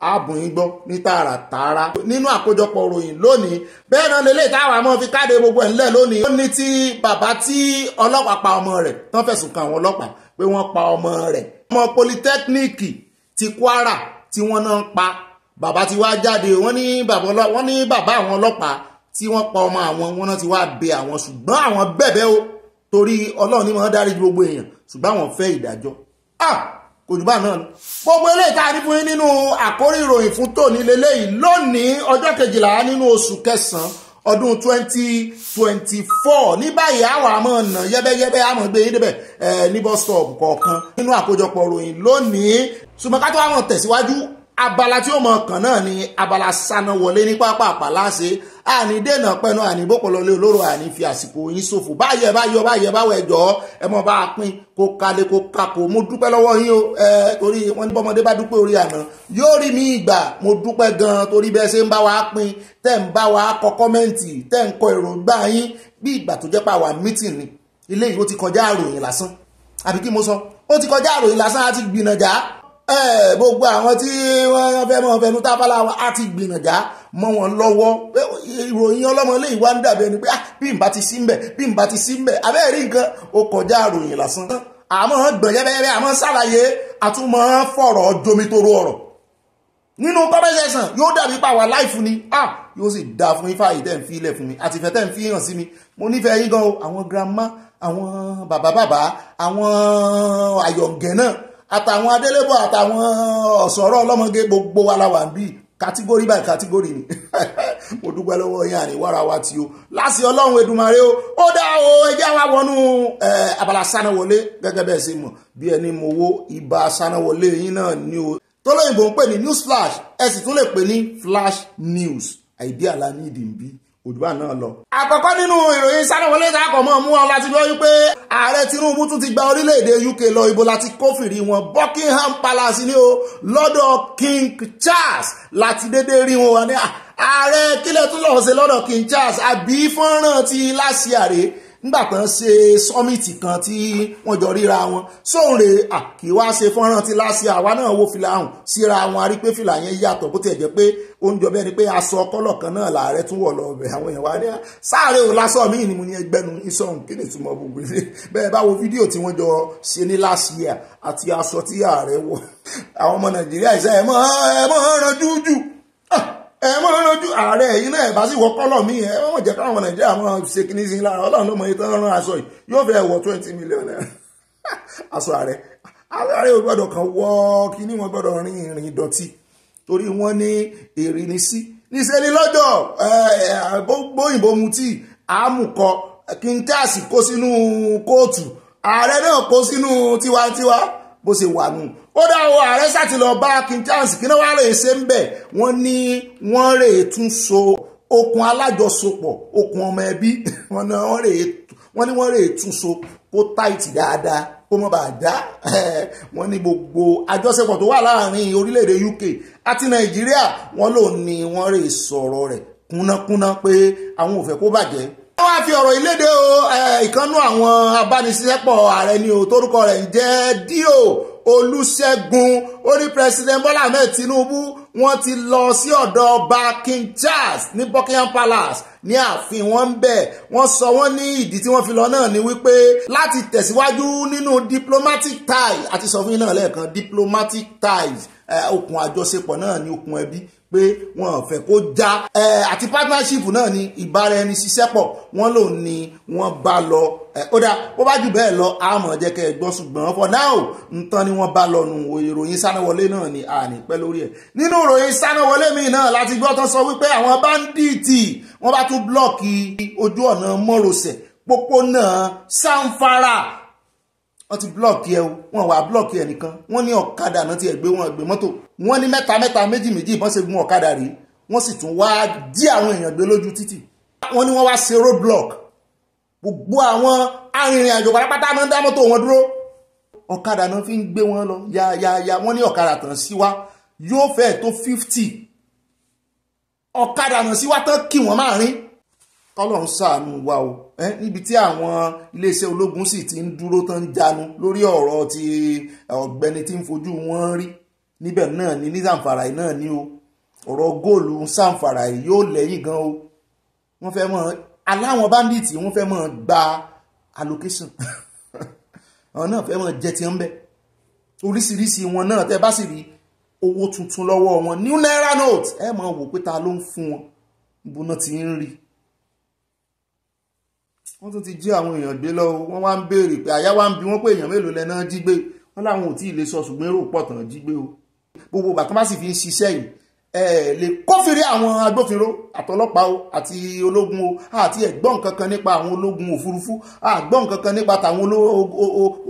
ààbùn yín gbọ́ ní tààràtààrà nínú àkójọpọ̀ òròyìn lónìí bẹ́ẹ̀ náà lélẹ́yìí táwọn àmọ́ fi káde gbogbo ẹ̀ ńlẹ̀ lónìí ó ní tí bàbá tí ọlọ́pàá pa ọmọ rẹ̀ tó ń fẹ̀sùn kàn àwọn ọlọ́pàá pé wọ́n pa ọmọ rẹ̀ ọmọ polytechnic ti Kwara tí wọ́n náà pa bàbá ti wá jáde wọ́n ní bàbá àwọn ọlọ́pàá tí wọ́n pa ọmọ àwọn wọn náà ti wá bẹ àwọn ṣùgbọ́n àwọn bẹ̀bẹ̀ o torí ọlọ́run ní wọn dárí ju gbogbo èèyàn ṣùgbọ́n àwọn fẹ́ ìdájọ́ kò jù bá náà lọ. gbogbo eléyìí tá a rí fún yín nínú àkórí ìròyìn fún tòní leléyìí lónìí ọjọ́ kejìlá nínú oṣù kẹsàn-án ọdún twenty twenty four ní báyìí àwọn àmọ́ ọ̀nà yẹ́bẹ́yẹ́bẹ́ àmọ́ gbé yín débẹ̀ ní bus stop kọ̀ọ̀kan nínú àkójọpọ̀ ìròyìn lónìí ṣùgbọ́n ká tó àwọn tẹ̀síwájú abala tí ó mọ kàn náà ni abala sáná wọlé ní pápá àpàláṣe àní dènà pẹnu àní bọ́pọ̀lọlé olóró àní fi àsìkò yín ṣòfò báyẹ̀ báyọ̀ báyẹ̀ báwọ̀ ẹ̀jọ́ ẹ mọ̀ bá a pín kó kalẹ̀ kó kakò mo dúpẹ́ lọ́wọ́ yín o ẹ torí wọn ní bọ́mọdé bá dúpẹ́ orí àná yóò rí mi ìgbà mo dúpẹ́ gan torí bẹ́ẹ̀ ṣe ń bá wa pín tẹ́ ń bá wa kọ kọ́mẹ́ǹtì tẹ́ ń kọ èròǹgbà yín bí ìgbà tó jẹ́ pé àwa mítìn ni ilé yìí ó ti kọjá àròyìn lásán àbí kí mo sọ ó ti kọjá àròyìn lásán àti gbìnàjà gbogbo àwọn tí wọ́n fẹ́ mọ́ fẹnu tábàlà wa á ti gbìyànjá mọ́ wọn lọ́wọ́ ìròyìn ọlọ́mọ lè wá ń dàbí ẹni pé ah, bí n bá ti sí mbẹ̀ bí n bá ti sí mbẹ̀ abẹ́rẹ́ rí nǹkan ó kọjá àròyìn lásán àmọ́ gbọ̀n àmọ́ sàlàyé àtúmọ̀ fọ̀rọ̀ jomitoro ọ̀rọ̀ nínú comment yóò dàbí pàwà láìfù ni ah, yóò sì dà fún ifá yìí tẹ́ ń fi ilẹ̀ fún mi àti ìfẹ́ tẹ́ ń fi hàn sí mi mo nífẹ̀ẹ́ yín gan o àwọn grandma àwọn bàbá bàbá àwọn àyọ̀ǹgẹ̀ náà àtàwọn adélébọ̀ àtàwọn ọ̀sọ̀rọ̀ ọlọ́mọge gbogbo wa la wà báyìí kàtígórì ni mo dúpẹ́ lọ́wọ́ yín àríwára wa tí o láti ọlọ́run Èdùmàrè o ó dá o ẹjẹ́ wa wọnú abala sanáwọlé gẹ́gẹ́ bẹ́ẹ̀ ṣe mọ̀ bí ẹni mo wo ibà sanáwọlé yín náà ni o tọ́lọ́yìnbó ń pè ní news flash ẹ sì tún lè pè ní flash news àìdí àlá ní ìdìbí òjúbà náà lọ. àkọ́kọ́ nínú ìròyìn sáréwọlé tá a kọ̀ mọ́ mú wọn láti gbọ́ wípé ààrẹ Tinubu tún ti gba orílẹ̀-èdè UK lọ ibo láti kófìrí wọn Buckingham Palace ni o lọ́dọ̀ King Charles láti dédé rí wọn ní ààrẹ kílẹ̀ tún lọ́ọ́ ṣe lọ́dọ̀ King Charles àbí fọ́nrán ti láṣìírí nígbà tán ṣe sọ́mìtì kan tí wọ́n jọ ríra wọn sóhun rè à kì í wá ṣe fọ́nrán ti láṣẹ àwa náà wo fìlà ọ̀hún síra wọn a rí pé fìlà yẹn yàtọ̀ bó tiẹ̀ jẹ́ pé ó ń jọ bẹ́ẹ̀ ni pé aṣọ kọ́lọ̀ kan náà làárẹ tún wọ̀ lọ bẹ̀ àwọn èèyàn wá ní sáré o lásọ mi ni mo ní ẹgbẹ́nu iṣan kí ni ìtumọ̀ gbogbo ilé bẹ́ẹ̀ bá wo fídíò tí wọ́n jọ ṣe ní last year àti aṣọ tí ààrẹ wọ̀ àwọn ọmọ nàìjíríà ìṣe ẹ̀ mọ́ ẹ̀ mọ́ ràn jújù ẹ mọ́ lójú ààrẹ yìí náà ẹ̀bá sì wọ kọ́lọ̀ mi ẹ mọ́ jẹ́ káwọn nàìjíríà mọ́ ṣe kíní sí lára ọlọ́run ló mọ iye tán rán aṣọ yìí yóò fẹ́ wọ twenty million naira aṣọ ààrẹ ààrẹ ò gbọ́dọ̀ kan wọ kíní wọn gbọ́dọ̀ rin ìrìn ìdọ̀tí torí wọ́n ní èrè ní sí níṣẹ́ ni lọ́jọ́ bóyìnbó mutí àmùkọ kí n tààsì kó sínú kóòtù ààrẹ náà kó sínú tiwantiwa bó ṣe wà nù ó dá o ààrẹ sàti lọ bá kìntànsì kí náà wá rèé ṣe ń bẹ̀ wọ́n ní wọ́n rèé tún so okùn alájọsopọ̀ okùn ọmọ ẹbí wọ́n ní wọ́n rèé tún so kó táìtì dáadáa kó mọ́ bá dá wọ́n ní gbogbo àjọṣepọ̀ tó wà láàrin orílẹ̀-èdè UK àti Nàìjíríà wọ́n lò ní wọ́n rèé sọ̀rọ̀ rẹ̀ kúnnákúnná pé àwọn ò fẹ́ kó bàjẹ́ wọ́n wá fi ọ̀rọ̀ ìlédè ìkànnú àwọn abániṣiṣẹ́pọ̀ ààrẹ ni o tórúkọ rẹ̀ ń jẹ́ Dio olùṣègùn ó ní president bola ahmed tinubu wọ́n ti lọ sí ọ̀dọ̀ ọba king charles ní buckingham palace ní ààfin wọn ń bẹ̀ wọ́n sọ wọ́n ní ìdí tí wọ́n fi lọ náà ni wípé láti tẹ̀síwájú nínú diplomatic ties àti sọ fún yín náà lẹ́ẹ̀kan diplomatic ties okùn àjọṣepọ̀ náà ni okùn ẹbí pé wọn ò fẹ́ kó já àti partnership náà ni ìbáraẹniṣiṣẹ́pọ̀ wọ́n lò ní wọ́n bá lọ ó dáa bó bá jù bẹ́ẹ̀ lọ àmọ́ jẹ́ kẹ́ ẹ gbọ́ ṣùgbọ́n for now nǹkan ni wọ́n bá lọ́nu ìròyìn sánáwọlé náà ni àní pẹ́ lórí ẹ̀ nínú ìròyìn sánáwọlé mi náà láti gbọ́ tán sọ wípé àwọn báńdíìtì wọ́n bá tún blọ́ọ̀kì ojú ọ̀nà mọ́rọ̀sẹ̀ pópónà sanfara wọ́n ti blọ́ọ̀kì ẹ wọ́n wà blọ́ọ̀kì ẹ nìkan wọ́n ní ọ̀kadà náà ti ẹ̀gbé wọn gbé mọ́tò wọ́n ní mẹ́ta mẹ́ta méjì méjì ìbọn ṣe gun ọ̀kadà rí wọ́n sì tún wá dí àwọn èèyàn gbé lójú títì wọ́n ní wọ́n wá ṣe roadblock gbogbo àwọn arìnrìn àjò pátápátá náà dá mọ́tò wọn dúró ọ̀kadà náà fi ń gbé wọn lọ yáyáyá wọ́n ní ọ̀kadà tàn sí wa yóò fẹ́ tó fifty ọ̀kadà náà sí wa tán kí wọ́n máa rín kọ́lọ́run ṣàánú wa o níbi tí àwọn iléeṣẹ́ ológun sì ti ń dúró tán ń jánu lórí ọ̀rọ̀ ti eh, ọ̀gbẹ́ni tí ń fojú wọn rí níbẹ̀ náà ni ní Zamfara náà ni o ọ̀rọ̀ góòlù Zamfara yóò lẹ́yìn gan o wọ́n fẹ́ mọ̀ aláwọn báńdíìtì wọ́n fẹ́ máa gba allocation àwọn náà fẹ́ máa jẹ ti ń bẹ oríṣiríṣi wọn náà tẹ́ bá sì rí owó tuntun lọ́wọ́ wọn new naira note ẹ máa wò pé ta ló ń fún wọn ibo náà ti ń rí wọ́n tún ti jí àwọn èèyàn gbé lọ wọ́n wá ń béèrè pé àyà wá ń bi wọ́n pé èèyàn mélòó lẹ́nà jí gbé wọ́n láwọn ò tí ì lè sọ ṣùgbọ́n èrò pọ̀ tàn jí gbé o gbogbo ìgbà tó bá sì fi ń ṣiṣẹ́ yìí ẹ lè kófìrí àwọn agbófinró àtọlọ́pàá o àti ológun o àti ẹ̀gbọ́n kankan nípa àwọn ológun òfurufú àgbọ́n kankan nípa tàwọn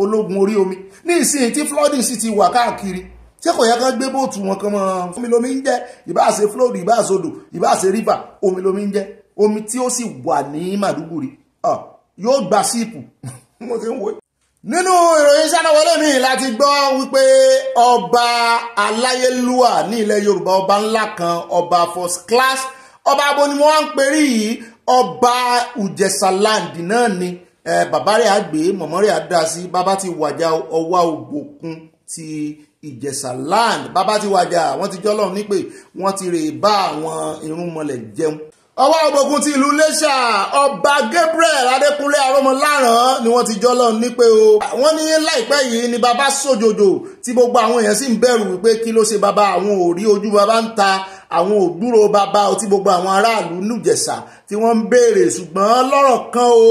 ológun orí omi ní ìsìn tí flooding sì ti wà káàkiri ṣé kò yẹ kán gbé bóòtù wọn kan mọ́ fún mi lómi ń jẹ́ ìbáṣe flood ìbáṣe odò ìbáṣe river omi lómi ń jẹ́ omi tí ó sì wà ní Màdúgùrí yóò gba síìpù mo ti ń wo nínú ìròyìn sánáwọlé mi láti gbọ́ wípé ọba aláyélúwà ní ilẹ̀ yorùbá ọba ńlá kan ọba first class ọba abo ni wọ́n ń perí yìí ọba ùjẹsàláǹdì náà ni bàbá rẹ̀ á gbé mọ̀mọ́ rẹ̀ á dá sí bàbá ti wàjà ọwá ògbókun ti ìjẹsàláǹdì bàbá ti wàjà wọ́n ti jọ́lọ́run nípè wọ́n ti rè bá àwọn irúnmọlẹ̀ jẹun ọwọ́ ọgbọ̀gùn ti ìlú Iléṣà ọba Gabriel Adékúnlé Arọ́mọláràn ni wọ́n ti jọlọ nípe o wọ́n ní láìpẹ́ yìí ni bàbá sòjòjò tí gbogbo àwọn èèyàn sì ń bẹ̀rù wípé kí ló ṣe bàbá àwọn ò rí ojú bàbá ń ta àwọn ògbúrò bàbá ọtí gbogbo àwọn aráàlú nùjẹ̀ṣà tí wọ́n ń béèrè ṣùgbọ́n lọ́rọ̀ kan o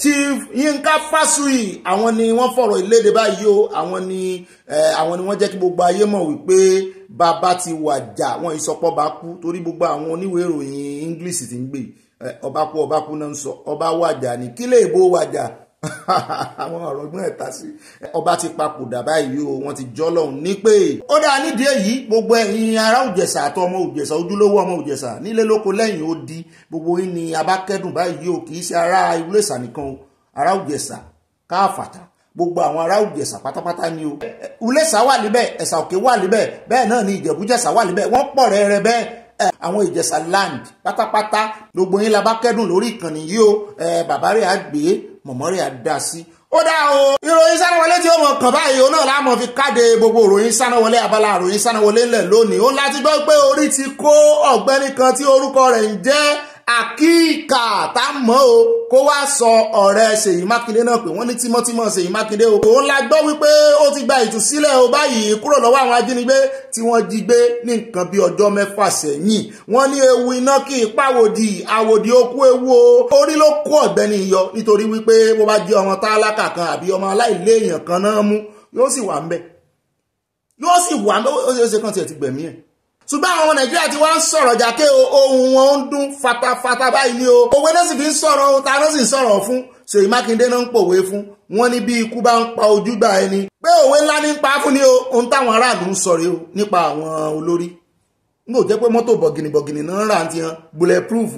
Chief Yinka fasui àwọn ni wọ́n fọ̀rọ̀ ìlédè báyìí o àwọn ni àwọn ni wọ́n jẹ́ kí gbogbo ayé mọ̀ wípé bàbá ti wàjà wọn ìsọpọ̀ bá kú torí gbogbo àwọn oníwèé ìròyìn English ti ń gbé ọba kú ọba kú náà ń sọ ọba wàjà ní kílè ìbò wàjà àwọn ọ̀rọ̀gbọ́n ẹ̀ta sí ọba ti papòdà báyìí o wọ́n ti jọ́ lọ́hùn ní pé ó dáa nídìí èyí gbogbo ẹ̀yin ará òjẹ̀sà àti ọmọ òjẹ̀sà ojúlówó ọmọ òjẹ̀sà nílé lóko lẹ́yìn ó di gbogbo yín ni abákẹ́dùn báyìí o kì í ṣe ará ìwúlẹ̀sà nìkan o ará òjẹ̀sà káàfàtà gbogbo àwọn ará òjẹ̀sà pátápátá ni o ìwúlẹ̀sà wà níbẹ̀ ẹ̀sà òkè wà níbẹ̀ bẹ́ẹ̀ náà ni ìjẹ̀bújẹ̀sà wà níbẹ̀ wọ́n pọ̀ rẹ́rẹ́ bẹ́ẹ̀ àwọn ìjẹ̀ṣà land pátápátá gbogbo yín la bá kẹ́dùn lórí ìkànnì yìí o bàbá rẹ̀ á gbé mọ̀mọ́ rẹ̀ á dá sí. ó dá o ìròyìn sánáwọlé tí ó mọ̀ kàn báyìí òun náà láàmú fi káde gbogbo ìròyìn sánáwọlé abala ìròyìn sánáwọlé ńlẹ̀ lónìí ó láti gbọ́ pé orí ti kó ọ̀gbẹ́ni kan tí orúkọ rẹ̀ ń jẹ́ àkíkà tá a mọ̀ o kó wá sọ ọ̀rẹ́ ṣèyí mákindé náà pé wọ́n ní tímọ́tímọ́ ṣèyí mákindé o òun la gbọ́ wípé ó ti gba ìtúsílẹ̀ o báyìí kúrò lọ́wọ́ àwọn ajínigbé tí wọ́n jí gbé ní nǹkan bí ọjọ́ mẹ́fà sẹ́yìn wọ́n ní ewu iná kí ìpàwòdì àwòdì okú ewu o orí ló kó ọ̀gbẹ́ni yọ nítorí wípé bó bá jẹ́ ọmọ tálákà kan àbí ọmọ aláìléèyàn kan náà mú yóò sì wà ń bẹ̀ ṣùgbọ́n àwọn ọmọ nàìjíríà ti wá ń sọ̀rọ̀ jàké ohun wọn ń dún fatafata báyìí ni o òwe náà sì fi ń sọ̀rọ̀ ohun ta náà sì ń sọ̀rọ̀ fún ṣèyí mákindé náà ń pòwe fún wọn ní bí ikú bá ń pa ojúgbà ẹni pé òwe ńlá ní ń pa fún ni o ohun táwọn aráàlú ń sọ̀rọ̀ o nípa àwọn olórí n kò jẹ́ pé mọ́tò bọ̀gìnì bọ̀gìnì náà ń rà ti hàn bullet proof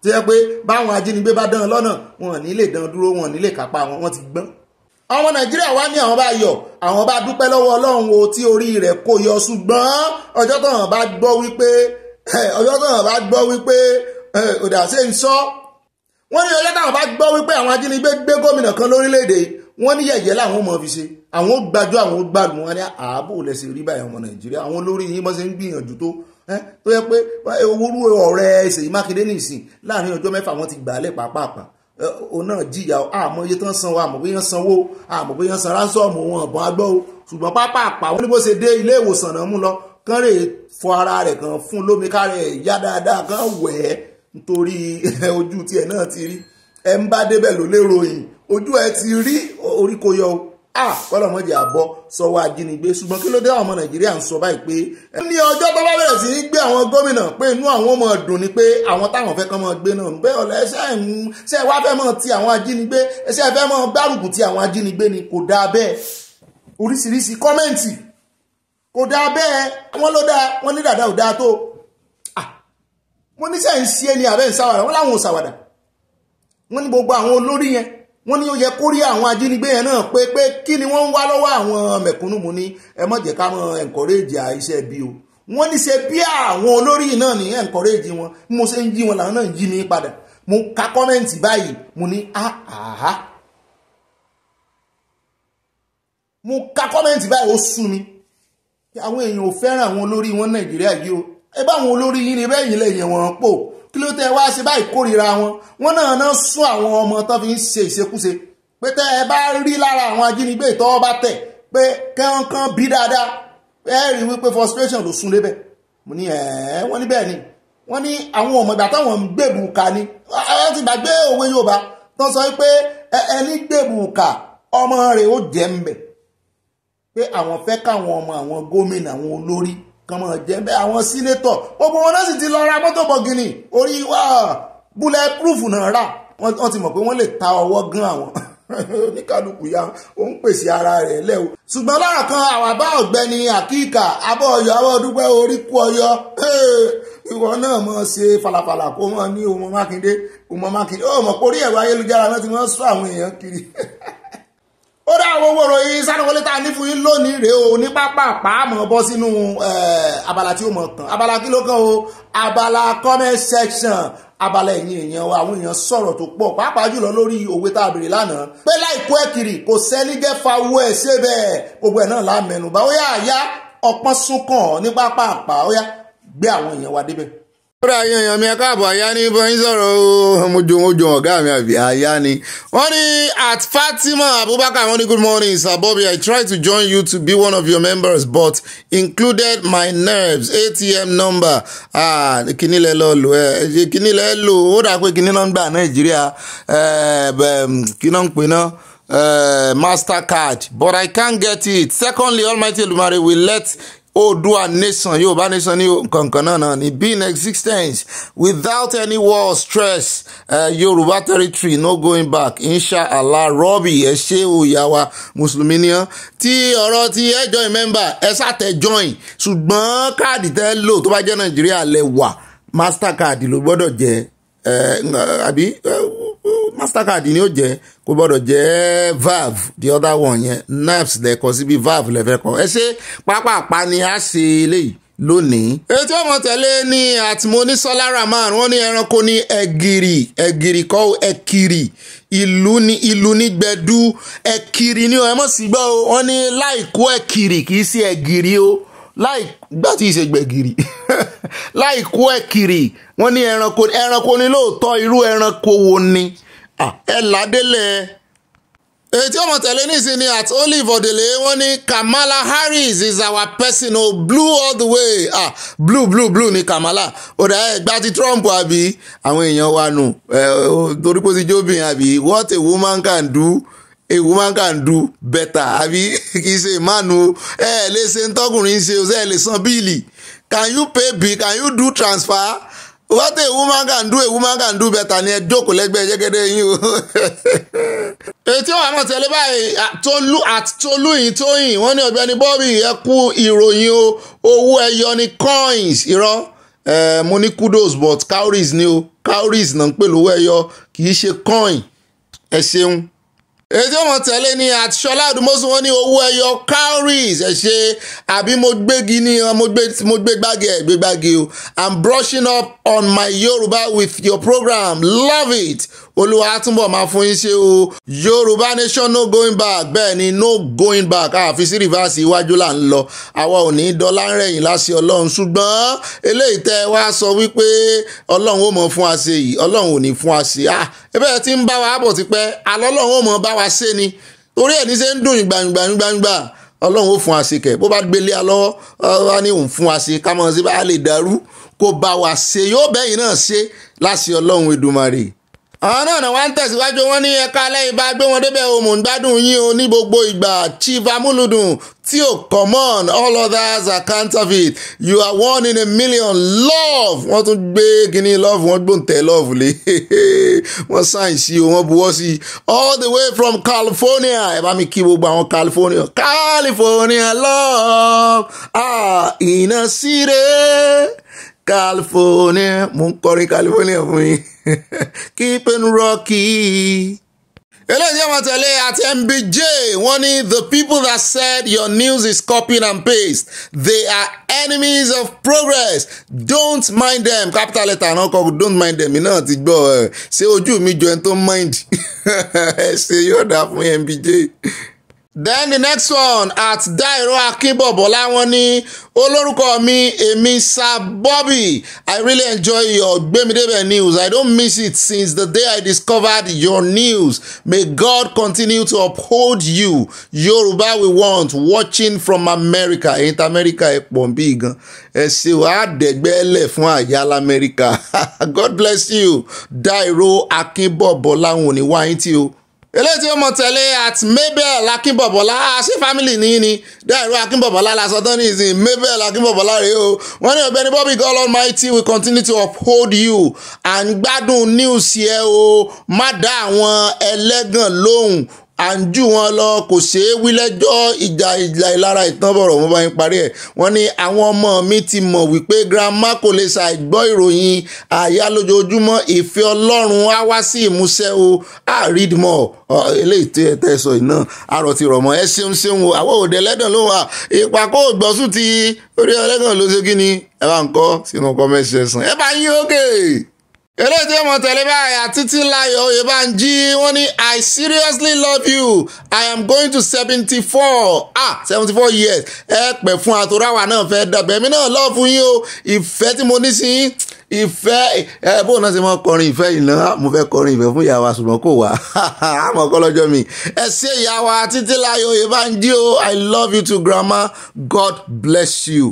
ti jẹ́ pé báwọn ajínigbé bá dán lọ́nà wọn ò ní lè dán dúró wọn ò ní lè kápá wọn wọn ti gbọ́n àwọn nàìjíríà wá ní àwọn bá yọ̀ àwọn bá dúpẹ́ lọ́wọ́ ọlọ́run o tí orí rẹ̀ kò yọ ṣùgbọ́n ọjọ́ táwọn bá gbọ́ wípé eh, ọjọ́ táwọn bá gbọ́ wípé eh, òdà ṣe ń sọ wọ́n ní ọjọ́ táwọn bá gbọ́ wípé àwọn ajínigbé gbé gómìnà kan lórílẹ̀‐èdè wọ́n ní yẹ̀yẹ́ làwọn mọ̀ fi ṣe àwọn ó gbájú àwọn ó gbádùn wọn ní ààbò lẹ́sẹ̀ rí báyìí ọmọ nàìjíríà àwọn olórí yìí mọ́ ṣe ń gbìyànjú tó eh, tó yẹ pé owó ọ̀rẹ́ Ṣèyí Mákindé nìsín láàrin ọjọ́ mẹ́fà wọ́n ti gbà á lẹ̀ òun náà jìyà àmọ́ iye tán sanwó àmọ́ bóyá sanwó àmọ́ bóyá san rásọ̀mù wọn ọ̀bọ̀n agbọ́ o ṣùgbọ́n pápá àpá wọn ní bó ṣe dé ilé ìwòsàn náà mú lọ kán rè fọ ara rẹ̀ kan fún lómi kárẹ̀ yá dáadáa kán wẹ̀ ẹ́ nítorí ojú tiẹ̀ náà ti rí ẹ ń bá débẹ̀ ló lérò yìí ojú ẹ ti rí orí kò yọ o kọ́lọ̀ mọ́jì àbọ̀ sọ́wọ́ ajínigbé ṣùgbọ́n kí ló dé àwọn ọmọ nàìjíríà ń sọ báyìí pé. ní ọjọ́ tó bá bẹ̀rẹ̀ sí í gbé àwọn gómìnà pé inú àwọn ọmọ dùn ni pé àwọn táwọn fẹ́ kán mọ́ gbé náà bẹ́ẹ̀ ọ̀lẹ́ ẹṣẹ́ ń ṣe wá fẹ́ mọ́ ti àwọn ajínigbé ẹṣẹ́ fẹ́ mọ́ gbárùkù ti àwọn ajínigbé ni kò dáa bẹ́ẹ̀ oríṣiríṣi kọ́mẹ́ǹtì kò dáa bẹ́ẹ̀ wọ́n ló dáa wọ́n ní dàda ò dáa tó wọ́n ní sẹ́yìn sí ẹni àbẹ́ ìsáwàdà wọ́n láwọn ò sàwàdà wọ́n ní ó yẹ kó rí àwọn ajínigbé yẹn náà pé pé kí ni wọ́n ń wá lọ́wọ́ àwọn mẹ̀kúnnù mu ní ẹ ká mọ bí o wọ́n ní ṣe bí àwọn olórí náà ní encourage wọn mo ṣe ń jí wọn làwọn náà ń jí mi padà mo ka kọ́mẹ́ǹtì báyìí mo ní mo ka kọ́mẹ́ǹtì báyìí ó mi àwọn àwọn olórí wọn kí ló tẹ wá ṣe báyìí kórìíra wọn wọn náà náà sún àwọn ọmọ tó fi ń ṣe ìṣekúṣe pé tẹ ẹ bá rí lára àwọn ajínigbé ìtọ́wọ́ bá tẹ̀ pé kẹ́ńkán bí dáadáa ẹ rí wípé frustration ló sún lébẹ̀ mo ní ẹ̀ẹ́ wọ́n ní bẹ́ẹ̀ ni wọ́n ní àwọn ọmọ ìgbà táwọn ń gbèbù ká ni ẹ ti gbàgbé òwe Yorùbá tó sọ pé ẹni gbèbù ká ọmọ rẹ̀ ó jẹ́ ń bẹ̀ pé àwọn fẹ́ káwọn ọmọ àwọn gómìnà àwọn olórí kan mọ̀ jẹ́ bẹ́ẹ̀ àwọn sínétọ̀ gbogbo wọn náà sì ti lọ ra mọ́tò bọ̀gìnì orí wà búlẹ̀ proof náà rà wọ́n ti mọ̀ pé wọ́n lè ta ọwọ́ gan àwọn oníkàlùkù ya ó ń pèsè ara rẹ̀ lẹ́ o. ṣùgbọ́n lára kan àwàbá ọ̀gbẹ́ni àkíkà abọ́ọ̀yọ́ abọ́ọ̀dúpẹ́ orí kú ọyọ́ ìwọ náà mọ̀ ṣe falafala kó mọ̀ ní ọmọ mákindé ọmọ mákindé ó mọ̀ pé orí ẹ̀rọ ayélujára náà ti mọ̀ sọ àwọn èèyàn kiri. ó dá àwọn owó ìròyìn sáréwọlé tá a ní fún yín lónìí rèé o ní pápá pàámọ̀ bọ́ sínú eh, abala tí ó mọ̀ kàn abala kí ló kàn o abala comment section abala ẹ̀yin èèyàn wa àwọn èèyàn sọ̀rọ̀ tó pọ̀ pàápàá jùlọ lórí òwe tá a bèrè lánàá pé láìkó ẹ̀ kiri kò sẹ́ni jẹ́ fawó ẹ̀ ṣe bẹ́ẹ̀ gbogbo ẹ̀ náà lámẹ́nu bá ó yá ọpọ́n sún kàn ní pápá àpá ó yá gbé àwọn èèyàn wa débẹ̀ kódà yín èèyàn mi ẹ káàbọ̀ àyá ní bọ́ sọ̀rọ̀ o ọ̀gá mi àbí àyá ni. wọ́n ní at Fatima Abubakar wọ́n ní good morning Sabobi. I tried to join you to be one of your members but included my nerves ATM number ah, kíní lẹ lọ lò ẹ kíní lẹ lò ó dà pé kíní nọ́mbà Nàìjíríà kí pè náà. Uh, Mastercard, but I can't get it. Secondly, Almighty Lumare will let Odua nation, Yoruba nation ni nkankan náà náà ni being existence without any war stress uh, Yoruba territory no going back inshallah Robbie ẹ ṣe òyàwá mùsùlùmí ni ọ́ tí ọ̀rọ̀ tí ẹ join member ẹ ṣàtẹ̀ join ṣùgbọ́n káàdì tẹ́ lò tó bá jẹ́ Nàìjíríà lẹ wà Mastercard ló gbọ́dọ̀ jẹ́ Eh, àbí eh, mastercard ni ó jẹ́ kò gbọdọ valve the other one yẹn nerves lẹ́kọ̀ọ́ síbi valve lẹ́fẹ̀kọ́ ẹ ṣe pápápá ni a ṣe eléyìí lónìí. ètò ọmọ ní ni àtìmọ́nísọ́lá rahman wọ́n ní ẹranko ní ẹ̀gìrì ẹ̀gìrì kọ́ ẹ̀kìrì ìlú ní ìlú ní gbẹ̀du ni ẹ sí gbọ́ ọ ní láìkó ẹ̀kìrì kì í sí o. láì gbà tí ì ṣe gbẹ̀gìrì láì kó ẹ̀ kiri wọ́n ní ẹranko ẹranko ni lóòótọ́ irú ẹranko wo ni ẹ ládélẹ̀ ètí ọmọ tẹ̀lé nísìnyí at olive odele wọ́n ní Kamala Harris is our person o oh, blue all the way ah blue blue blue ni Kamala ọ̀dà ẹ̀ gba ti Trump àbí àwọn èèyàn wa nù torí pé ó ti jóbìn àbí what a woman can do a woman can do better àbí kì í ṣe ìmánu ẹ ẹ lè ṣe ń tọkùnrin ṣe ṣe ẹ lè san bíìlì can you pay bill can you do transfer what a woman can do a woman can do better ni ẹ jókòó lẹ́gbẹ̀ẹ́ jẹ́gẹ́dẹ́ yín o. ètí ọ̀hún àmọ́ tẹ́lẹ̀ báyìí tolú àti tolú yìí tóyìn wọ́n ní ọ̀gbẹ́ni Bobby ẹ kú ìròyìn o owó ẹyọ ni coins irọ́ eh, mo ní kudos but cowries ni o cowries náà ń pè lówó ẹyọ kì í ṣe coin ẹ ṣeun ètò ọmọ tẹ̀lé ni àtisọ́lá àdúmọ́sí wọn ní owó ẹyọ cowries ẹ ṣe àbí mo gbégi ní mo gbé gbági ẹ̀ gbé gbági o I'm brushing up on my Yoruba with your program love it olúwa túnbọ̀ máa fún yín ṣe o yorùbá nation no going back bẹ́ẹ̀ ni no going back àfi sí rìvásì iwájú là ń lọ àwa ò ní dọ́là ń rẹ̀yìn láṣẹ ọlọ́run ṣùgbọ́n eléyìí tẹ́ ẹ wá sọ wípé ọlọ́run ò mọ̀ fún wa ṣe yìí ọlọ́run ò ní fún wa ṣe à ẹbẹ̀ tí ń bá wa bọ̀ tipẹ́ alọ́lọ́run ò mọ̀ bá wa ṣe ni torí ẹ̀ ní ṣe ń dùn gbàngbàngbàngbà ọlọ́run ó fún wa ṣe kẹ̀ bó bá gbélé alọ́wọ́ wá ní òun fún wa ọlọ́run Èdùmàrè àwọn náà náà wá ń tẹ̀síwájú wọn ní ẹ̀ka alẹ́ ibà gbé wọn débẹ̀ o mò ń gbádùn yín o ní gbogbo ìgbà chief amúlùdùn tí ò common all others are counterfeit you are one in a million love wọ́n tún gbé kínní love wọ́n gbóǹtẹ̀ love lé wọ́n sáìn sí o wọ́n buwọ́ sí all the way from California ẹ bá mi kí gbogbo àwọn California California love ah iná síre California mo ń kọrin California fún yín. Keeping rocky. eléyìí ọmọ tẹ̀lé àti mbj wọ́n ní the people that said your news is copy and paste they are enemies of progress don't mind them capital letter náà kọ don't mind them iná ti gbọ́ ẹ ṣé ojú mi jọ ẹni tó mind ẹ ṣe yọ̀dà fún mbj then the next one at dairo akínbọ̀bọ̀lá wọn ní olórúkọ mi èmi sir bobby i really enjoy your gbemidebe news i don't miss it since the day i discovered your news may god continue to uphold you yorùbá we want watching from america inter america ẹ pọ̀ n bí gan ẹ ṣe wàá dẹ̀gbẹ́lẹ̀ fún àyàlá america god bless you dairo akínbọ̀bọ̀lá wọn ò ní wáyé tí o eléyìí tí ó mọ tẹ̀lé at mabel akínbọ̀bọ̀lá àṣé family ní ní dẹ́rù akínbọ̀bọ̀lá lásán tán ní ìsìn mabel akínbọ̀bọ̀lá rèé o wọ́n ní ọ̀gbẹ́ni Bobby God Almighty will continue to uphold you and ń gbádùn news yẹ o má dá àwọn ẹlẹ́gàn lóhùn à ń jù wọn lọ kò ṣeé wí lẹ́jọ́ ìjà ìjà ìlara ìtàn bọ̀rọ̀ wọn bá yín parí ẹ̀ wọ́n ní àwọn ọmọ mi ti mọ̀ wípé grandma kò lè ṣàìgbọ́ ìròyìn àyà lójoojúmọ́ ìfẹ́ ọlọ́run á wá sí ìmúṣẹ o á rí mọ́ eléyìí tó yẹ tẹ́ sọ iná àrò ti rọ̀ mọ́ ẹ ṣeun ṣeun o àwọn òde ẹlẹ́dàn ló wà ipa kó gbọ́sùn ti orí ẹlẹ́gàn ló ṣe kí ni ẹ bá ń kọ́ sínú kọ́mẹ́sì ẹ̀sán ẹ bá yín ókè eléyìí tí mo tẹ̀lé báyìí àtìtì láyọ̀ oyèbánjí wọ́n ní i seriously love you i am going to seventy four ah seventy four years ẹ pẹ̀ fún àtòráwà náà fẹ́ dàbẹ̀ èmi náà lọ́ọ̀ fún yín o ìfẹ́ tí mo ní sí yín ìfẹ́ ẹ bóun náà ṣe mọ́ kọrin ìfẹ́ ìná mo fẹ́ kọrin ìfẹ́ fún ìyá wa ṣùgbọ́n kò wá àmọ́ kọ́lọ́jọ́ mi ẹ ṣe ìyá wa títí láyọ̀ oyèbánjí o i love you too grandma god bless you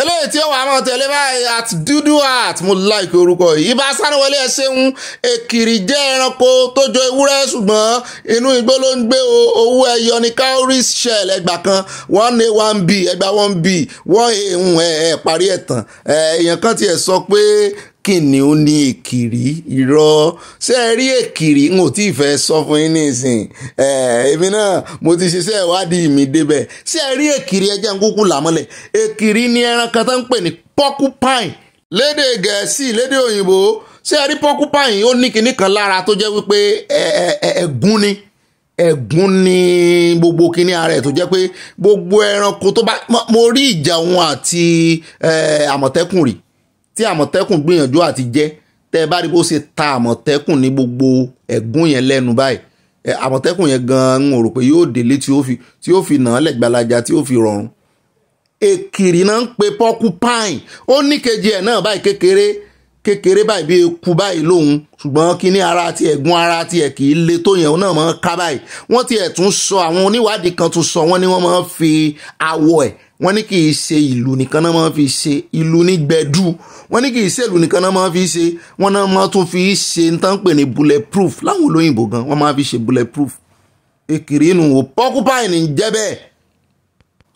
eléyìí tí ó wà á mọ̀ tẹ̀lé báyìí at dúdú art mo like orúkọ yìí Ìbà Sanuwolé ẹ ṣeun èkìrì jẹ́ ẹranko tó jọ ewúrẹ́ ṣùgbọ́n inú igbó ló ń gbé o owó ẹyọ ní cowries shell ẹgbà kan one a one b ẹgbà one b one a ń ẹ ẹ parí ẹ̀ tán èèyàn kan tiẹ̀ sọ pé kìnìún ní èkìrí irọ́ ṣé ẹ rí èkìrí n ò tí ì fẹ́ sọ fún yín nísìn èmi náà mo ti ṣiṣẹ́ ìwádìí mi débẹ̀ ṣé ẹ rí èkìrí ẹjẹ́ ń kúkú làmọ́lẹ̀ èkìrí ni ẹran kan tó ń pè ní porcupine lédè gẹ̀ẹ́sì lédè òyìnbó ṣé ẹ rí porcupine ó ní kinní kan lára tó jẹ́ wípé ẹ̀gún ni ẹ̀gún ni gbogbo kinní ara ẹ̀ tó jẹ́ pé gbogbo ẹranko tó bá mo rí ìjà wọn àti àmọ̀tẹ́kùn rí tí àmọ̀tẹ́kùn gbìyànjú àti jẹ́ tẹ́ ẹ bá rí bó ṣe ta àmọ̀tẹ́kùn ní gbogbo ẹ̀gún yẹn lẹ́nu báyìí àmọ̀tẹ́kùn yẹn gan-an ń rò pé yóò délé tí ó fi tí ó fi nàá lẹ́gbàlajà tí ó fi rọrùn. èkìrì náà ń pe porcupine ó ní kejì ẹ̀ náà báyìí kékeré kékeré báyìí bí eku báyìí lòun ṣùgbọ́n kíní ara ti ẹ̀gún ara ti ẹ̀ kì le tó yẹn òun náà máa ń ká báyìí wọ́n ti ẹ̀ tún sọ àwọn oníwádìí kan tún sọ wọ́n ní wọ́n máa ń fi awọ ẹ̀ wọ́n ní kì í ṣe ìlú nìkan náà máa fi ṣe ìlú ní gbẹ̀dú wọ́n ní kì í ṣe ìlú nìkan náà máa fi ṣe wọ́n náà máa tún fi ṣe ń tán pè ní bulletproof láwọn olóyìnbó gan wọ́n máa fi ṣe bulletproof èkìrí inú wò porcupine ń jẹ́ bẹ́ẹ̀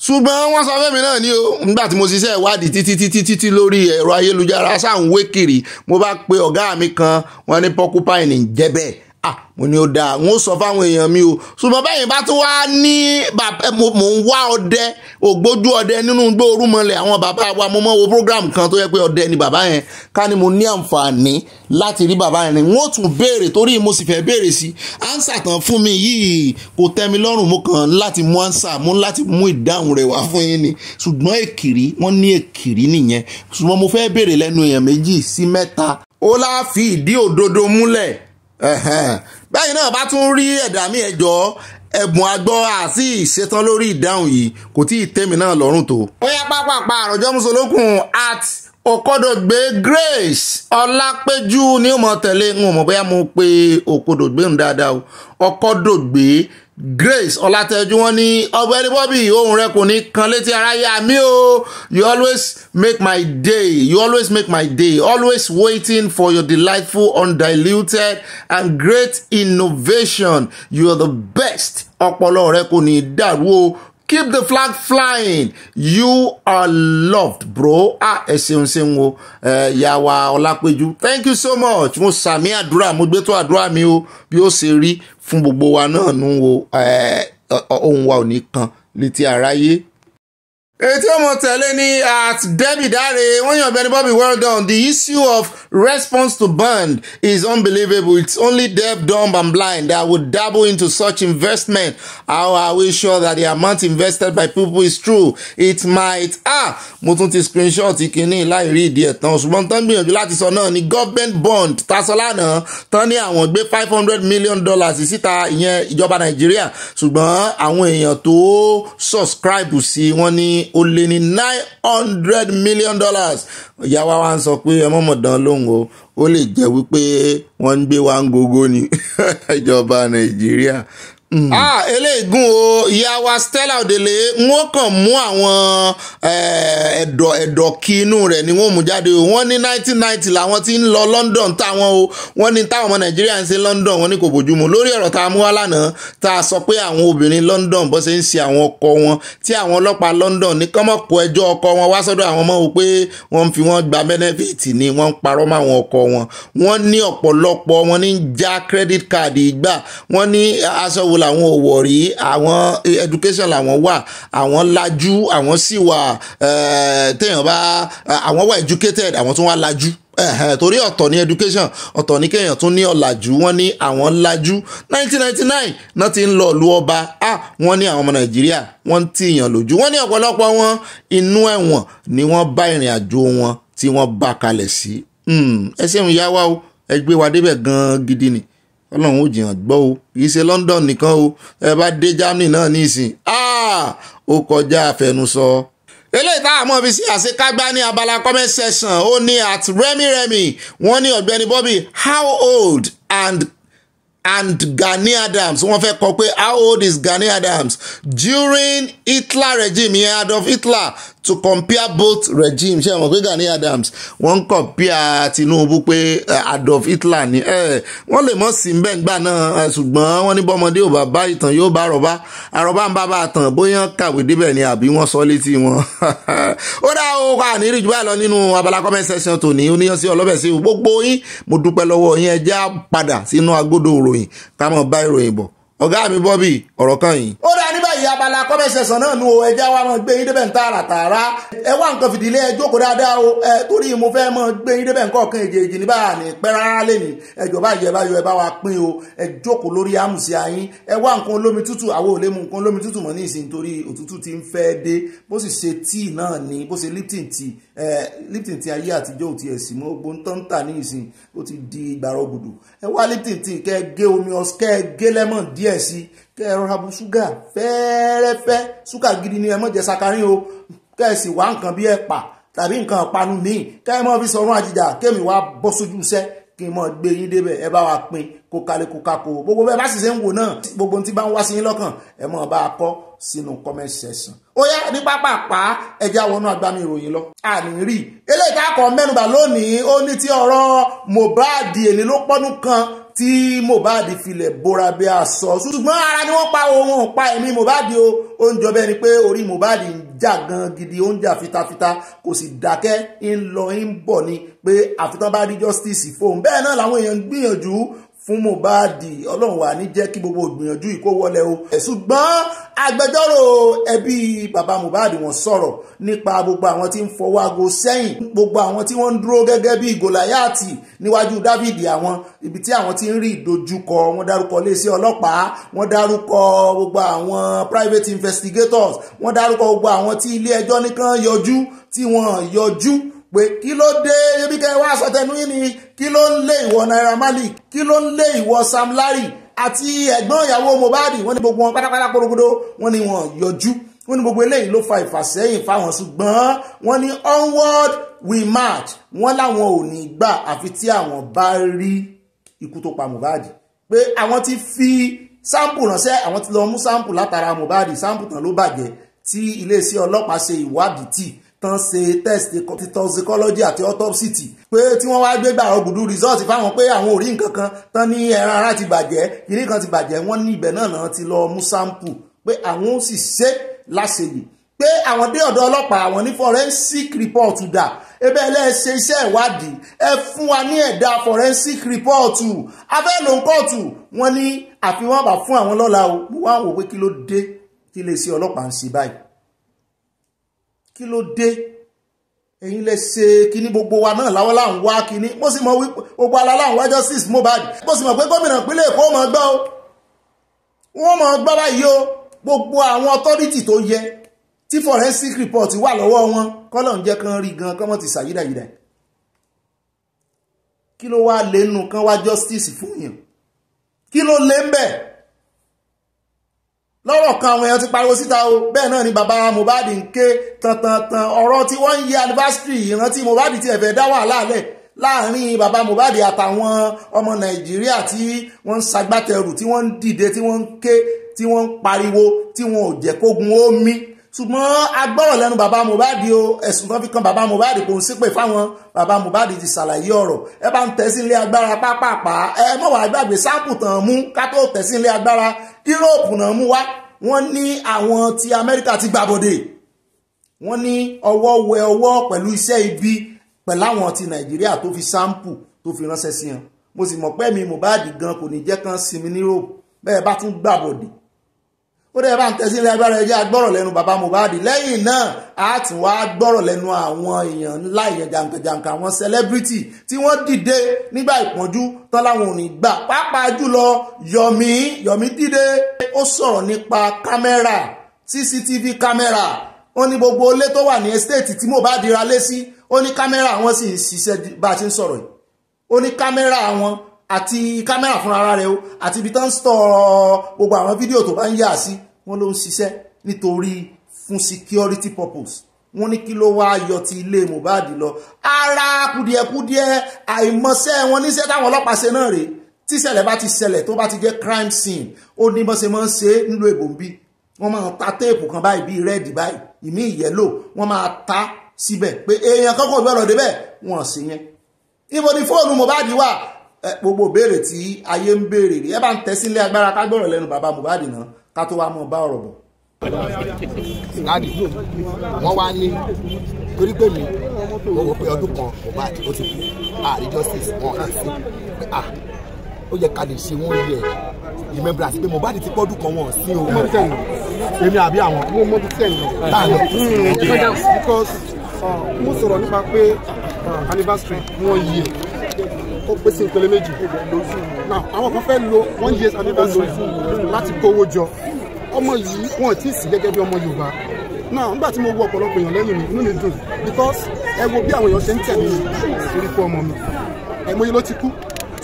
ṣùgbọ́n wọ́n sọ fẹ́mi náà ni o nígbà tí mo ṣiṣẹ́ ìwádìí títí títí títí lórí ẹ̀rọ ayélujára sáà ń wé kiri mo bá pe ọ̀gá mi kan wọ́n ní porcupine ń jẹ́ bẹ́ẹ̀ Ah, mo ní ó dáa n ó sọ fáwọn èèyàn mi o ṣùgbọ́n bẹ́yìn bá tún wá ní mo ń wá ọdẹ ògbójú ọdẹ nínú igbó orúmọlẹ̀ àwọn bàbá wa mo mọ̀ wo program kan tó yẹ pé ọdẹ ni bàbá yẹn ká ní mo ní àǹfààní láti rí bàbá yẹn ni n ó tún béèrè torí mo sì fẹ́ béèrè sí ánsà tán fún mi yìí kò tẹ́ mi lọ́rùn mo kàn láti mú ánsà mo láti mú ìdáhùn rẹ̀ wá fún yín ni ṣùgbọ́n èkìrí wọ́n ní èkìrí nìyẹn ṣùgbọ́n mo fẹ́ béèrè lẹ́nu èèyàn méjì sí mẹ́ta ó láà fi ìdí òdodo múlẹ̀ báyìí náà bá tún rí ẹ̀dá mi ẹ̀jọ́ ẹ̀bùn àgbọ̀ àti ìṣetán lórí ìdáhùn yìí kò tí ì tẹ́mi náà lọ́rùn tó. ó yá pápápá àròjọ musolókun at òkodògbé grace ọlápẹjú ni ó mọ tẹ̀lé ń mọ̀ bóyá mo pe òkodògbé ń dáadáa o Grace Ọlátẹjú wọn ní Ọ̀gbẹ́ni Bobby ohùn rẹ kò ní kan létí aráyé àmì o you always make my day you always make my day always waiting for your delightful undiluted and great innovation you are the best ọpọlọ rẹ kò ní dàrú o keep the flag flying you are loved bro ah ẹ ṣeun ṣeun o ẹ yàwá ọlápẹjù thank you so much mo sàmì àdúrà mo gbé tó àdúrà mi o bí ó ṣe rí fún gbogbo wa náà nù o ohùn wa ò ní kan létí aráyé ètí ọmọ tẹ̀lé ní at Debbie Dare wọ́n yàn Benny Bobby well done the issue of response to bond is unbelievable it's only deaf dumb and blind that would dabble into such investment how are we sure that the amount invested by people is true it might ah mo tún ti screenshot kínní láì rí ìdí ẹ̀ tán ṣùgbọ́n tán gbìyànjú láti sọ náà ni government bond tasọ́lá náà tán ní àwọn gbé five hundred million dollars síta ìyẹn ìjọba Nàìjíríà ṣùgbọ́n àwọn èèyàn tó subscribe sí wọn ní ó lé ní nine hundred million dollars ìyá wa wá ń sọ pé ẹmọ́mọ̀dán lòun o ó lè jẹ́ wípé wọ́n ń gbé wa ń gogo ní ìjọba nàìjíríà Mm. ah eléegun o ìyá wa Stella Odele n ó kàn mú àwọn ẹ̀dọ̀ ẹ̀dọ̀ kí inú rẹ̀ ni wọ́n mú jáde o wọ́n ní nineteen ninety làwọn ti ń lọ London táwọn o wọ́n ní táwọn ọmọ Nàìjíríà ń ṣe London wọ́n ní kò bójúmu lórí ọ̀rọ̀ tá a mú wá lánàá tá a sọ pé àwọn obìnrin London bó ṣe ń ṣe àwọn ọkọ wọn tí àwọn ọlọ́pàá London ní kọ́mọ̀ kó ẹjọ́ ọkọ wọn wá sọ́dọ̀ àwọn ọmọ o pé wọ́n fi wọ́n gba benefit ni wọ́n ń parọ́ mọ́ àwọn ọkọ wọn wọ́n ní ọ̀pọ̀lọpọ̀ wọn ní já credit card ìgbà wọ́n ní aṣọ wò làwọn ò wọ̀ rí àwọn eh, education làwọn wà àwọn lajú àwọn sì wà eh, téèyàn bá eh, àwọn wà educated àwọn tún wà lajú torí ọ̀tọ̀ ní education ọ̀tọ̀ ní kéèyàn tún ní ọ̀làjú wọ́n ní àwọn ńlájú 1999 náà ti ń lọ ìlú ọba a ah, wọ́n ní àwọn ọmọ nàìjíríà wọ́n ń tìyàn lójú wọ́n ní ọ̀pọ̀lọpọ̀ wọn inú ẹ̀wọ̀n ni wọ́n bá ìrìn àjò wọn tí wọ́n bá kalẹ̀ sí hmm, ẹ ṣeun yá wa o ẹ gbé wa débẹ̀ gan-an gidi ni ọlọ́run ó jìyàn gbọ́ o kì í ṣe London nìkan o ẹ bá dé Germany náà ní ìsìn ah! ó kọjá àfẹnusọ. eléyìí táwọn ọmọ fi sí àṣekágbá ní abala comment section ó ní at Remi Remi wọ́n ní ọ̀gbẹ́ni Bobby how old and and Gani Adams wọ́n fẹ́ kọ pé how old is Gani Adams during Hitler regime yẹn Adolf Hitler to compare both regimes ṣé àwọn pé Gani Adams wọ́n ń compare Tinubu pé eh, Adolf Hitler ni eh, wọ́n lè mọ̀ sí bẹ́ẹ̀ gbà náà eh, ṣùgbọ́n wọ́n ní bọ́mọdé ò bá bá ìtàn yóò bá àròbá àròbá ń bá bá tàn bóyá kàwé débẹ̀ ni àbí wọ́n sọ létí wọn. ó dá o wà ní ìrìjú báyìí lọ nínú abala comment section tòní oníyanṣẹ́ ọlọ́bẹ̀ sí gbogbo yín mo dúpẹ́ lọ́wọ́ yín ẹ já padà sínú agbódò ìròyìn ká mọ̀ bá ìròyìn bọ̀ ọ̀gá mi Bobby ọ̀rọ̀ kan yìí. ó d eléyìí abala kọ́mẹ́sẹ̀sán náà nu o ẹja wa máa gbé yín débẹ̀ ń tààrà tààrà ẹ wá nǹkan fìdílé ẹ jókòó dáadáa o ẹ torí mo fẹ́ máa gbé yín débẹ̀ nǹkan ọ̀kan èjèèjì ní báyà ní pẹ́ rárá lẹ́yìn ẹjọ́ báyìí ẹ bá ẹ bá wa pín o ẹ jókòó lórí àmùsí ayín ẹ wá nǹkan olómi tútù àwọn òlé mu nǹkan olómi tútù mọ́ ní ìsìn torí òtútù ti ń fẹ́ dé bó sì ṣe tíì náà ni bó ṣe lipton tea ẹ lipton tea ayé àtijọ́ ò tiẹ̀ sí mọ́ gbọ́n tán tà ní ìsìn ó ti di ìgbàrọ̀ gbùdù ẹ wá lipton tea kẹ́ gé omi ọ̀s kẹ́ gé lẹ́mọ̀n díẹ̀ sí kẹ́ bu ṣúgà fẹ́ẹ́rẹ́fẹ́ ṣúgà gidi ni ẹ má jẹ sakarin o kẹ́ ẹ sì wá nǹkan bí ẹ̀pà tàbí nǹkan ìpanu míì kẹ́ ẹ má fi sọ̀rọ̀ àjìjà kémi wá bọ́ sójú iṣẹ́ kí n mọ̀ gbé yín débẹ̀ ẹ bá wa pín kó kalẹ̀ kó kakó gbogbo bẹ́ẹ̀ bá sì ṣe ń wò náà gbogbo tí bá ń wá sí yín lọ́kàn ẹ mọ̀ bá a kọ́ sínú comment section. ó yá ní pápápá ẹja wọnú agbami ìròyìn lọ. àní rí eléyìí tá a kọ mẹ́nubà lónìí ó ní ti ọ̀rọ̀ Mohbad èlé ló pọ́nú kan tí Mohbad filẹ̀ bora bí aṣọ ṣùgbọ́n ara ni wọ́n pa ohun ọ̀pá ẹ̀mí Mohbad o ó ń jọ bẹ́ẹ̀ pé orí Mohbad ń jà gan gidi ó ń jà fitafita kò sì dákẹ́ ń lọ ń bọ̀ ni pé àfitán bá rí justice fóun bẹ́ẹ̀ náà làwọn èèyàn ń gbìyànjú fún Mohbad ọlọ́run wà ní jẹ́ kí gbogbo ìgbìyànjú yìí kó wọlé o. ṣùgbọ́n agbẹjọ́rò ẹbí bàbá Mohbad wọ́n sọ̀rọ̀ nípa gbogbo àwọn tí ń fọwọ́ aago sẹ́yìn gbogbo àwọn tí wọ́n ń dúró gẹ́gẹ́ bí gòláyàtì níwájú David àwọn ibi tí àwọn ti ń rí ìdojúkọ wọ́n dárúkọ iléeṣẹ́ ọlọ́pàá wọ́n dárúkọ gbogbo àwọn private investigators wọ́n dárúkọ gbogbo àwọn tí ilé ẹjọ́ nìkan yọjú tí wọ́n yọjú pé kí ló dé ibi kẹ́ wá sọtẹnu yìí ni kí ló ń lé ìwọ Naira Marley kí ló ń lé ìwọ Sam Larry àti ẹ̀gbọ́n ìyàwó Mohbad wọ́n ní gbogbo wọn pátápátá korogodo wọ́n ní wọn yọjú wọ́n ní gbogbo eléyìí ló fa ìfàsẹ́yìn fáwọn ṣùgbọ́n wọ́n ní onward we march wọ́n láwọn ò ní gbà àfi tí àwọn bá rí ikú tó pa Mohbad pé àwọn ti fi sáǹpù ránṣẹ́ àwọn ti lọ mú sáǹpù látara Mohbad sáǹpù tán ló bàjẹ́ tí iléeṣẹ́ ọlọ́pàá ṣe ìwádìí tì tán ṣe test toxicology àti autopsy ti pé tí wọ́n wá gbé gbàrọ̀ gbùdú result fáwọn pé àwọn ò rí nǹkan kan tán ní ẹran ara ti bàjẹ́ kìnìún kan ti bàjẹ́ wọ́n ní ibẹ̀ náà náà ti lọ mú sample pé àwọn ó sì ṣe láṣeyìí pé àwọn dé ọ̀dọ̀ ọlọ́pàá àwọn ní forensic report dà ebe ẹlẹ́ẹ̀ṣẹ̀ iṣẹ́ ìwádìí ẹ fún wa ní ẹ̀dá forensic report abẹ́lò kóòtù wọn ní àfihàn bá fún àwọn lọ́la o mo wá wò pé kí ló dé tí iléeṣẹ́ ọlọ́pàá ń ṣe báyìí kí ló dé ẹ̀yin lẹ ṣe kíní gbogbo wa náà láwọn láwọn wá kíní mo sì mọ wípé gbogbo ala láwọn wá justice Mohbad mo sì mọ pé gómìnà ìpínlẹ̀ Èkó mọ̀ gbọ́ o wọ́n mọ̀ gbọ́ báyìí o gbogbo àwọn authority tó yẹ tí forensic report wà lọ́wọ́ wọn kọ́lọ̀ ń jẹ́ kan rí gan kọ́mọ̀ ti ṣàyídàyídà kí ló wá lẹ́nu kan wá justice fún yàn kí ló lé ń bẹ́ẹ̀ lọ́rọ̀ kan àwọn èèyàn ti pariwo síta o bẹ́ẹ̀ náà ni bàbá Mohbad ń ké tantantan ọ̀rọ̀ tí wọ́n ń yẹ anniversary ìrántí Mohbad ti ẹ̀fẹ̀ dá wàhálà lẹ̀ láàrin bàbá Mohbad àtàwọn ọmọ Nàìjíríà tí wọ́n ń ṣagbátẹrù tí wọ́n ń dìde tí wọ́n ń ké tí wọ́n ń pariwo tí wọ́n ò jẹ́ kógun ó mí ṣùgbọ́n agbọ́rọ̀ lẹ́nu bàbá Mohbad o ẹ̀sùn tó fi kan bàbá Mohbad kò ń sípè fáwọn bàbá Mohbad ti ṣàlàyé ọ̀rọ̀ ẹ bá ń tẹ̀sí ilé agbára pápápá ẹ mọ̀ wá gbàgbé sáàpù tàn mú ká tó tẹ̀sí ilé agbára yúróòpù náà mú wá wọ́n ní àwọn ti Amẹ́ríkà ti gbàbọ̀dé wọ́n ní ọwọ́ wẹ ọwọ́ pẹ̀lú iṣẹ́ ibi pẹ̀lú àwọn ti Nàìjíríà tó fi sáàpù tó fi ránṣẹ́ sí wọn mo sì mọ̀ pé mi Mohbad gan kò ní jẹ́ kán sinmi ní Europe bẹ́ẹ̀ bá tún gbàbọ̀dé ó dẹ̀ bá ń tẹ́sí ilé agbára ẹjẹ́ agbọ́rọ̀ lẹ́nu bàbá Mohbad lẹ́yìn náà a ti wá gbọ́rọ̀ lẹ́nu àwọn èèyàn ńlá èèyàn jàǹkàjàǹkà àwọn sẹlẹ́bírìtì tí wọ́n dìde nígbà ìpọ́njú tán láwọn ò ní gbà pàápàá jùlọ Yọ̀mí Yọ̀mí dìde ó sọ̀rọ̀ nípa kámẹ́rà CCTV kámẹ́rà ó ní gbogbo ilé tó wà ní estate tí Mohbad ra lé sí ó ní kámẹ́rà wọn sì ń ṣiṣẹ́ bá a ti ń sọ̀rọ̀ àti kámẹ́rà fúnra ara rẹ̀ o àti ibi tó ń sọ gbogbo àwọn fídíò tó bá ń yà sí wọ́n ló ń ṣiṣẹ́ nítorí fún security purpose wọ́n ní kí ló wá yọ ti ilé Mohbad lọ ara kùdìẹ̀kùdìẹ̀ àìmọ̀ṣẹ́ wọn níṣẹ́ táwọn ọlọ́pàá ṣe náà rèé tí ìṣẹ̀lẹ̀ bá ti ṣẹlẹ̀ tó bá ti jẹ́ crime scene ó ní bọ́n ṣe máa ń ṣe nílò èbò ń bí wọ́n máa ta téèpù kan báyìí bíi rẹ́ẹ̀dì báyìí ìmí ìyẹ́lò wọ́n máa ta síbẹ̀ pé èèyàn kankan ò gbọ́dọ̀ débẹ̀ wọ́n sì yẹn. ibo fóònù Mohbad wà Eh, gbogbo béèrè tí ayé ń béèrè rí ẹ bá ń tẹ sílé agbára ká lẹ́nu bàbá Mohbad náà ká tó wá mọ́ bá ọ̀rọ̀ bọ̀. láàdì wọ́n wá ní torí pé mi mo wò pé ọdún kan Mohbad ó ti kú ààrẹ ah, justice wọn kà sí pé ah, à ó yẹ ká lè ṣe wọ́n yẹ remembrance pé Mohbad ti pọ́dún kan wọn sí o. èmi àbí àwọn. mo mọ ti tẹ̀ yín. Hmm, because uh, mo sọ̀rọ̀ nípa pé uh, anniversary wọ́n yí ó pé sí ìpele méjì now àwọn kan fẹ́ lo one year anniversary láti kówó jọ ọmọ yìí wọn ti sì gẹ́gẹ́ bí ọmọ Yorùbá now nígbà tí mo wo ọ̀pọ̀lọpọ̀ èèyàn lẹ́yìn mi inú mi dùn because ẹ wo bí àwọn èèyàn ṣe ń tẹ̀lé mi torí kó ọmọ mi ẹ̀mọye ló ti kú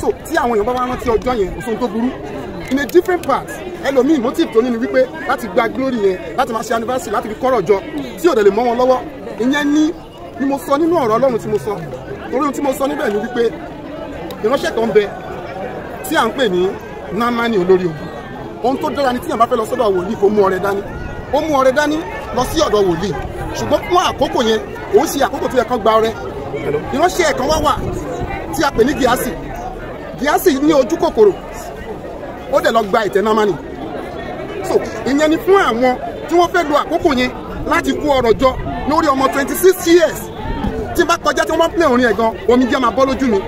so tí àwọn èèyàn bá wá rántí ọjọ́ yẹn òṣùn tó burú in a different part ẹlòmíì motive tó ní ni wípé láti gba glory yẹn láti máa ṣe anniversary láti fi kọ́rọ̀ jọ tí ò dẹ̀ lè mọ́ wọn lọ́wọ́ ìyẹn ni ni mo sọ nínú ọ̀rọ̀ Ọlọ́run tí mo sọ torí ohun tí mo sọ níbẹ̀ ni wípé ìránṣẹ́ kan bẹ tí à ń pè ní námánì olórí ogun ohun tó dára ni tíyàn bá fẹ́ lọ sọ́dọ̀ wòlíì kó mú ọrẹ dání ó mú ọrẹ dání lọ sí ọ̀dọ̀ wòlíì ṣùgbọ́n fún àkókò yẹn òun ṣe àkókò tó yẹ kán gba ọrẹ ìránṣẹ́ kan wá wà tí a pè ní gíásì gíásì ní ojú kòkòrò ó dẹ̀ lọ gba ìtẹ́ námánì so ìyẹn ni fún àwọn tí wọ́n fẹ́ lo àkókò yẹn láti kó ọrọ̀ jọ lórí ọmọ twenty six years tí bá kọjá tí wọ́n bá pín òrin ẹ̀ gan omi jẹ́ máa bọ́ lójú mi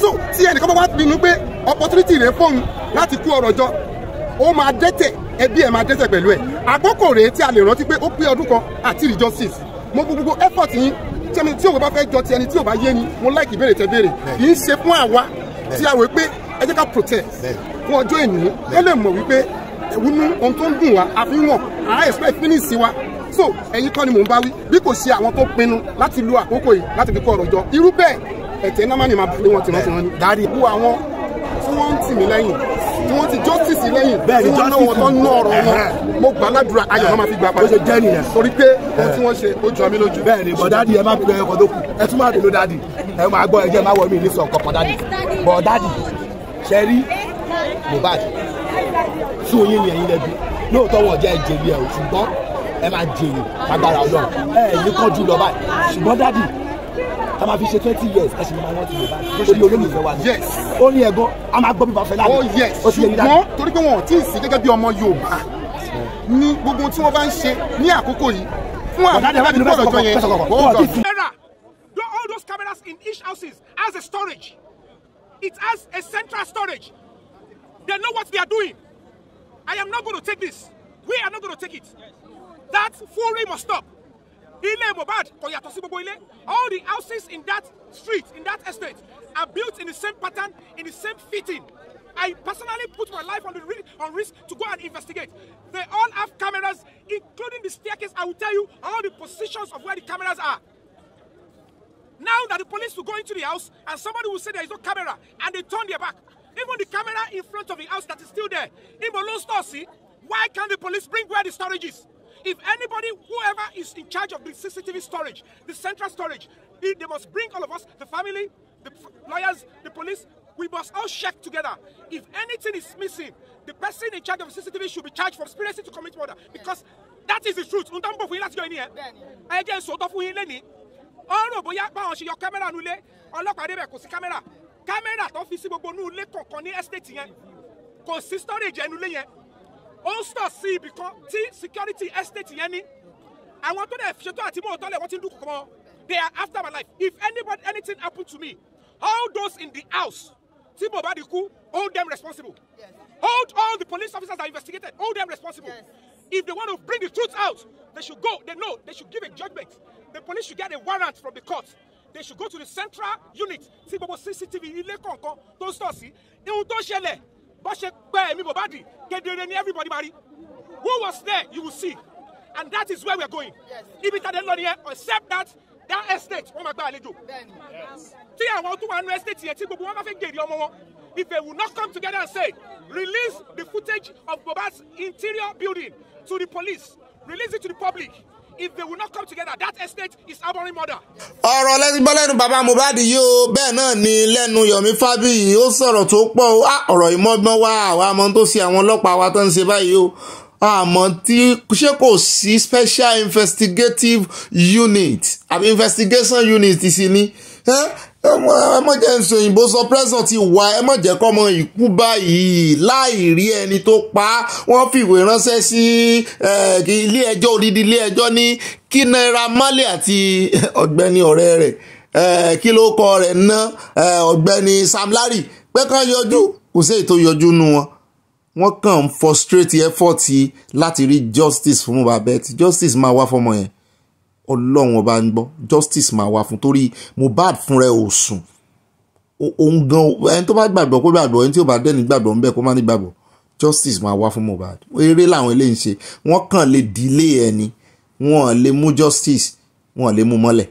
so tí ẹnìkan bá wá bínú pé opportunity rẹ̀ fóun láti kú ọ̀rọ̀ jọ ó máa dẹ́tẹ̀ ẹbí ẹ̀ máa dẹ́tẹ̀ pẹ̀lú ẹ̀ àkókò rèé tí a lè rántí pé ó pé ọdún kan àti rí justice mo gbogbo effort yín tẹ́mi tí òwe bá fẹ́ jọ ti ẹni tí ò bá yé ni mo like ìbéèrè tẹ́ béèrè kì í ṣe fún àwa tí a wò pé ẹ jẹ́ ká protest fún ọjọ́ ènìyàn ẹ lè mọ̀ wípé ìwúnú ohun tó ń dùn wá àfihàn àá expect finish wa so ẹ̀yin kọ́ ni mò ń bá wí bí kò ṣe àwọn tó pinnu láti lo àkókò yìí láti fi kó ọ̀rọ̀ jọ irú bẹ́ẹ̀ ẹ̀tẹ́ náà má ní máa bá lé wọn tìrántìrán ni dárí gbogbo àwọn tí wọ́n ń tì mí lẹ́yìn tí wọ́n ti justice lẹ́yìn tí wọ́n náwó tán ná ọ̀rọ̀ wọn mo gbà ládùúrà ayọ̀ náà máa fi gbà pa. bó ṣe jẹ́ nìyẹn. torí pé ohun tí wọ́n ṣe ó jọ mí lójú. bẹ́ẹ̀ ni bọ̀dáàdì ẹ má bí ẹyọ kan tó kù ẹ tún máa dèlò dáàdì ẹ máa gbọ́ ẹjẹ́ má wọ mí ní sọ̀kọ̀ bọ̀dáàdì bọ̀dáàdì ṣe rí Mohbad tí oyin ni ẹ̀yin lẹ́bi lóòótọ́ wọ̀ jẹ́ ẹ̀jẹ̀ bí ẹ̀ ṣùgbọ́n ẹ máa jèrè agbára Ọlọ́run ẹ̀ ní kọ́jú lọ ṣùgbọ́n dáàdì tá a máa fi ṣe twenty years ẹ sì ní máa rántí Yorùbá torí olólùfẹ́ wa ni ó ní ẹ̀gbọ́n a máa gbọ́ bí bá fẹ́ láàyè Oh, sì yẹ ní dáadáa. ṣùgbọ́n torí pé wọn ò tí ì sí gẹ́gẹ́ bí ọmọ Yorùbá ní gbogbo tí wọ́n bá ń ṣe ní àkókò yìí fún àwọn ọ̀dọ́ yẹn all those cameras in each houses has a storage it has a central storage they know what they are doing I am not going to take this we are not going to take it that foolery must stop ilé Mohbad kò yàtọ̀ sí gbogbo ilé all the houses in that street in that estate are built in the same pattern in the same fitting I personally put my life on the on risk to go and investigate. They all have cameras, including the staircase. I will tell you all the positions of where the cameras are. Now that the police will go into the house and somebody will say there is no camera and they turn their back. Even the camera in front of the house that is still there. In Imbolo store, see, why can't the police bring where the storage is? If anybody, whoever is in charge of the CCTV storage, the central storage, they must bring all of us, the family, the lawyers, the police, we must all check together. If anything is missing, the person in charge of CCTV should be charged for conspiracy to commit murder because that is the truth. N tó ń bọ̀ fún Again, láti jọ ìníyẹn. Ẹ jẹ́ sòótọ́ fún yín lẹ́nìí. Wọ́n rò bóyá báwọn ṣe yọ kámẹ́rà nu ilé, to débẹ̀ kò sí kámẹ́rà. Kámẹ́rà tó fi sí storage ẹnu ilé yẹn ó ń sọ̀ sí ibì kan tí security estate yẹn ní àwọn tó dẹ̀ ṣetán àti mò ń tọ́lẹ̀ wọ́n ti ń dúkọ̀ mọ́ they are after my life if anybody anything happen to me all those in the house tí Mohbad kú hold them responsible hold all the police officers that investigated hold them responsible if they want to bring the truth out they should go they know they should give a judgment the police should get a warrant from the court they should go to the central unit tí gbogbo CCTV ilé kọ̀ọ̀kan tó ń sọ̀ sí ihun tó ṣẹlẹ̀ bó ṣe pẹ́ èmi Mohbad kedere ni everybody máa rí who was there you will see and that is where we are going ibi tàdé lọ nìyẹn except that that estate wọn máa gba àlejò tí àwọn tó wà nínú estate yẹn tí gbogbo wọn bá fẹ́ gèrè ọmọ wọn if they will not come together and say release the footage of Mohbad's interior building to the police release it to the public if they will not come together that estate is harboring murder. ọ̀rọ̀ lẹ́sìn bọ́ lẹ́nu bàbá Mohbad yìí bẹ́ẹ̀ náà ni lẹ́nu Yomi Fabiyi ó sọ̀rọ̀ tó pọ̀ ó ah, ọ̀rọ̀ ìmọ̀gbọ́n wa àwa mọ̀ tó ṣe àwọn ọlọ́pàá wa tó ń ṣe báyìí o àmọ́ tí ṣé kò sí special investigative unit àbí investigation unit sì ni ẹ má jẹ́ nsọ òyìnbó sọ president ti wà ẹ má jẹ́ kọ́mọ ìkú báyìí láì rí ẹni tó pa wọ́n fìwé ránṣẹ́ sí ilé ẹjọ́ odidi ilé ẹjọ́ ní kí Naira Marley àti ọ̀gbẹ́ni ọ̀rẹ́ rẹ̀ kí ló kọ rẹ̀ ná ọ̀gbẹ́ni Sam Larry pé kán yọjú kò sí èyí tó yọjú nu wọn wọ́n kàn ń frustrate effort láti rí justice fún bàbá ẹ̀ tí justice máa wá fọmọ yẹn ọlọ́run ọba ń gbọ́ justice máa wà fún torí Mohbad fúnra ẹ̀ ò sùn òun gan ẹni tó bá gbàgbọ́ kó gbàgbọ́ ẹni tí ò bá dẹ́ni gbàgbọ́ ńbẹ kó má ní gbàgbọ́ justice máa wá fún Mohbad eré làwọn eléyìí ń ṣe wọ́n kàn lè dílé ẹni wọ́n lè mú justice wọ́n lè mú mọ́lẹ̀.